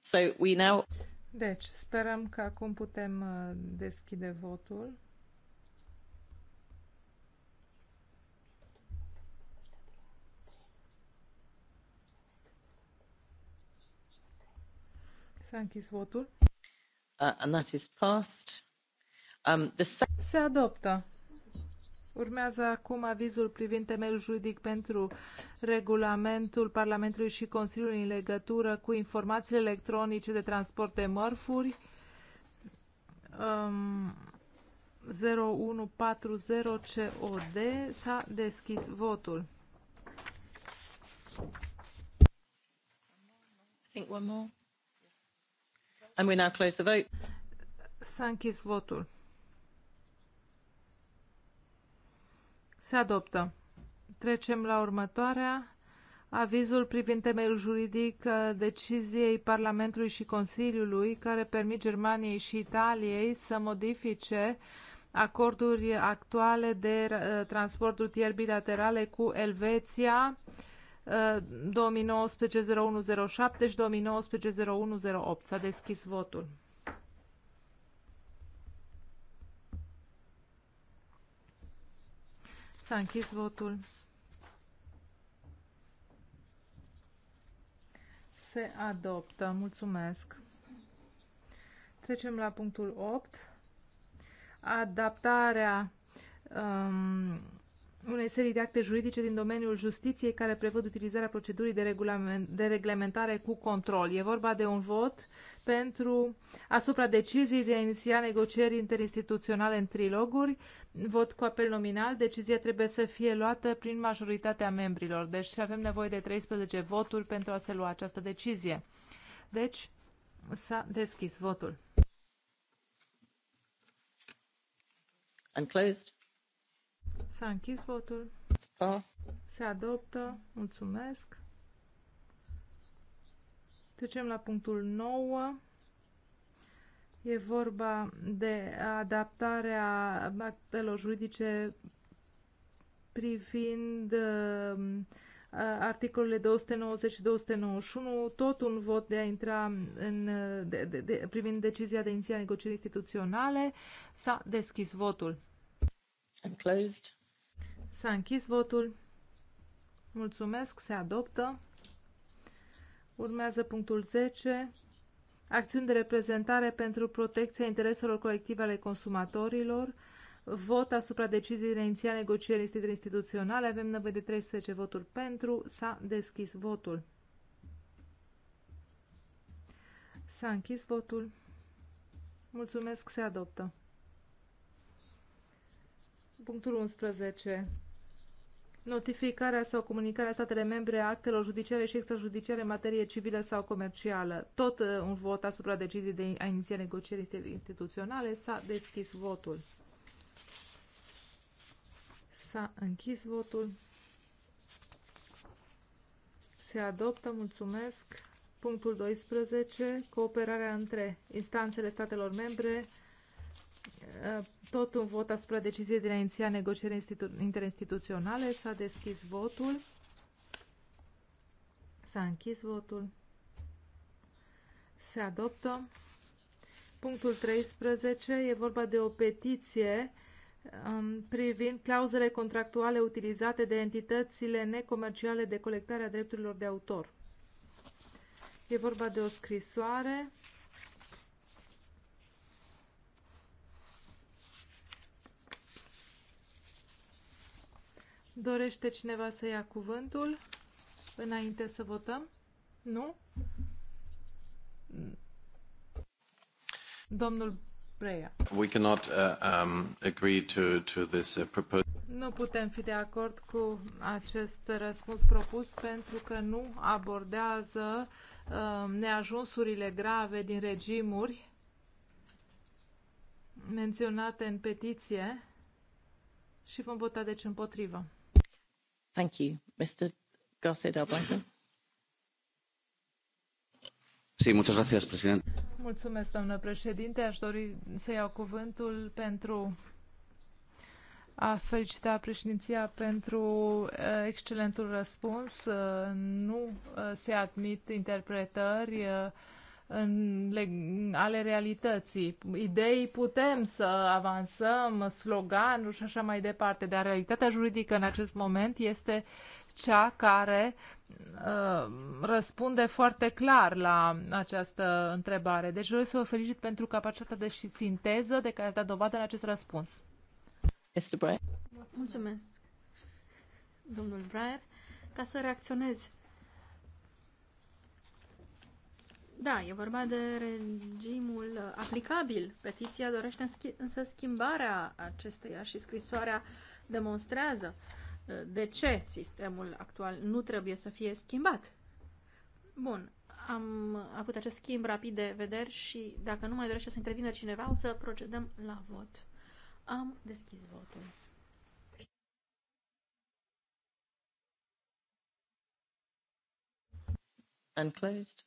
So we now... Deci, sperăm că acum putem uh, deschide votul. S-a închis votul. Uh, um, se adoptă. Urmează acum avizul privind temeiul juridic pentru regulamentul Parlamentului și Consiliului în legătură cu informațiile electronice de transport de mărfuri um, 0140COD. S-a deschis votul. I think one more. And we now close the vote. S-a închis votul. Se adoptă. Trecem la următoarea. Avizul privind temeiul juridic uh, deciziei Parlamentului și Consiliului care permit Germaniei și Italiei să modifice acorduri actuale de uh, transport rutier bilaterale cu Elveția, 2019-0107 și 2019-0108. S-a deschis votul. S-a închis votul. Se adoptă. Mulțumesc. Trecem la punctul 8. Adaptarea um, unei serii de acte juridice din domeniul justiției care prevăd utilizarea procedurii de, regulament, de reglementare cu control. E vorba de un vot pentru asupra deciziei de a iniția negocieri interinstituționale în triloguri, vot cu apel nominal, decizia trebuie să fie luată prin majoritatea membrilor. Deci avem nevoie de 13 voturi pentru a se lua această decizie. Deci s-a deschis votul. I'm closed. S-a închis votul. Da. Se adoptă. Mulțumesc. Trecem la punctul 9. E vorba de adaptarea actelor juridice privind uh, articolele 290 și 291, tot un vot de a intra în, de, de, de, privind decizia de inițiare negocieri instituționale, s-a deschis votul. I'm closed. S-a închis votul. Mulțumesc, se adoptă. Urmează punctul 10. Acțiuni de reprezentare pentru protecția intereselor colective ale consumatorilor. Vot asupra deciziei de a iniția negocieri instituționale. Avem nevoie de 13 voturi pentru. S-a deschis votul. S-a închis votul. Mulțumesc, se adoptă. Punctul 11. Notificarea sau comunicarea statele membre a actelor judiciare și extrajudiciare în materie civilă sau comercială. Tot uh, un vot asupra deciziei de a iniția negocieri instituționale. S-a deschis votul. S-a închis votul. Se adoptă. Mulțumesc. Punctul 12. Cooperarea între instanțele statelor membre uh, tot un vot asupra deciziei de a iniția negocieri interinstituționale. S-a deschis votul. S-a închis votul. Se adoptă. Punctul 13 e vorba de o petiție um, privind clauzele contractuale utilizate de entitățile necomerciale de colectare a drepturilor de autor. E vorba de o scrisoare Dorește cineva să ia cuvântul înainte să votăm? Nu? Domnul Breia. We cannot uh, um, agree to, to this uh, proposal. Nu putem fi de acord cu acest răspuns propus pentru că nu abordează uh, neajunsurile grave din regimuri menționate în petiție și vom vota deci împotrivă. Mulțumesc, doamnă președinte. Aș dori să iau cuvântul pentru a felicita președinția pentru uh, excelentul răspuns. Uh, nu uh, se admit interpretări în, ale realității. Idei putem să avansăm, sloganul și așa mai departe, dar realitatea juridică în acest moment este cea care uh, răspunde foarte clar la această întrebare. Deci vreau să vă felicit pentru capacitatea de și sinteză de care ați dat dovadă în acest răspuns. Este Mulțumesc, domnul Breyer. Ca să reacționez Da, e vorba de regimul aplicabil. Petiția dorește însă schimbarea acestuia și scrisoarea demonstrează uh, de ce sistemul actual nu trebuie să fie schimbat. Bun, am avut acest schimb rapid de vederi și dacă nu mai dorește să intervină cineva, o să procedăm la vot. Am deschis votul. And closed.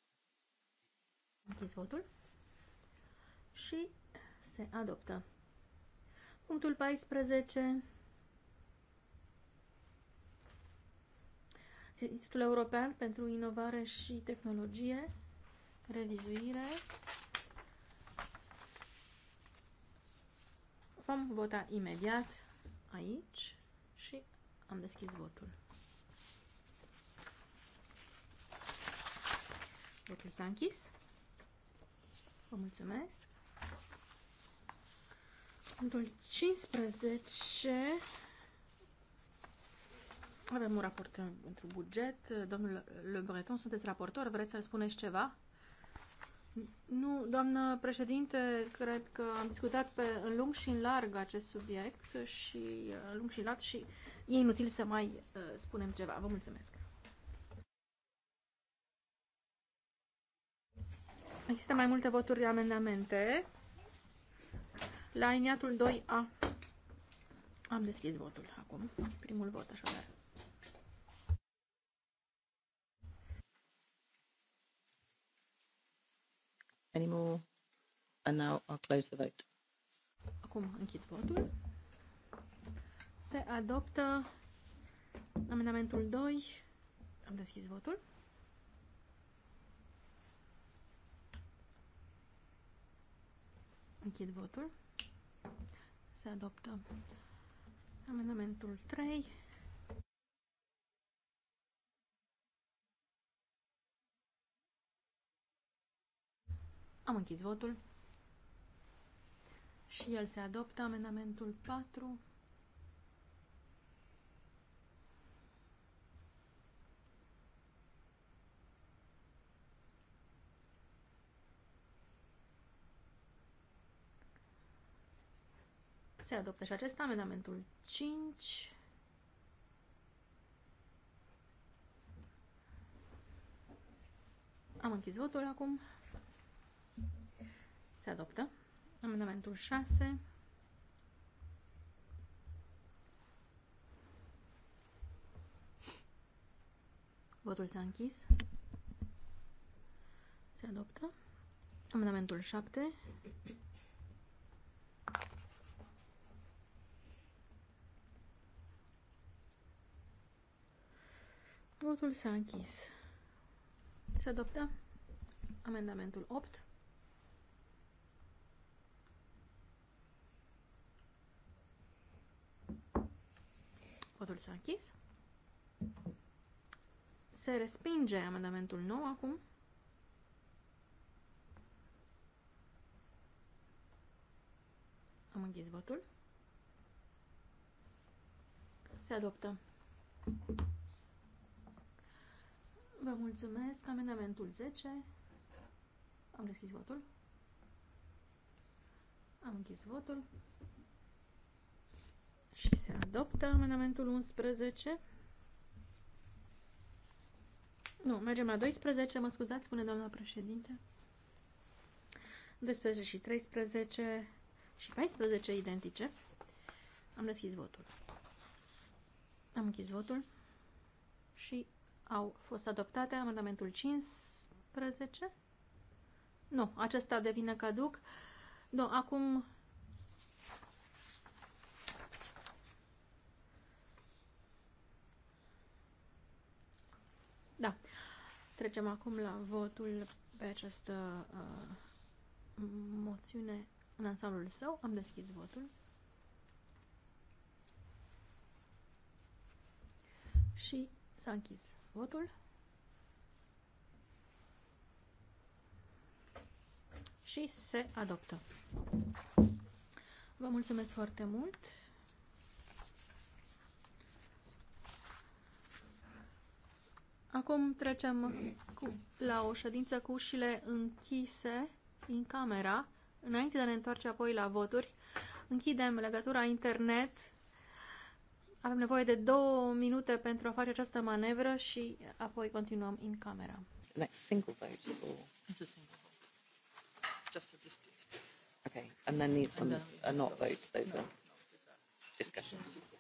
Închis votul. Și se adoptă. Punctul 14. Institutul European pentru Inovare și Tehnologie. Revizuire. Vom vota imediat aici și am deschis votul. Votul s-a închis. Vă mulțumesc. Punctul 15. Avem un raport pentru buget. Domnul Le Breton, sunteți raportor, vreți să-mi spuneți ceva? Nu, doamnă președinte, cred că am discutat pe, în lung și în larg acest subiect și în uh, lung și în larg și e inutil să mai uh, spunem ceva. Vă mulțumesc. Există mai multe voturi de amendamente. La liniatul 2A am deschis votul acum. Primul vot, așadar. Any more? And now I'll close the vote. Acum închid votul. Se adoptă amendamentul 2. Am deschis votul. Închid votul. Se adoptă amendamentul 3. Am închis votul. Și el se adoptă amendamentul 4. Se adoptă și acesta amendamentul 5. Am închis votul acum. Se adoptă. Amendamentul 6. Votul s-a închis. Se adoptă. Amendamentul 7. Votul s-a închis. Se adoptă amendamentul 8. Votul s-a închis. Se respinge amendamentul 9 acum. Am închis votul. Se adoptă. Vă mulțumesc. Amendamentul 10. Am deschis votul. Am închis votul. Și se adoptă amendamentul 11. Nu, mergem la 12, mă scuzați, spune doamna președinte. 12 și 13 și 14 identice. Am deschis votul. Am închis votul și au fost adoptate. Amendamentul 15? Nu, acesta devine caduc. Nu, acum Da. Trecem acum la votul pe această uh, moțiune în ansamblul său. Am deschis votul. Și s-a închis votul. Și se adoptă. Vă mulțumesc foarte mult! Acum trecem cu, la o ședință cu ușile închise în camera. Înainte de a ne întoarce apoi la voturi, închidem legătura internet avem nevoie de două minute pentru a face această manevră și apoi continuăm în camera. Next single vote or? It's a single vote. just a dispute. Okay, and then these and ones then, are not votes, those no, are discussions.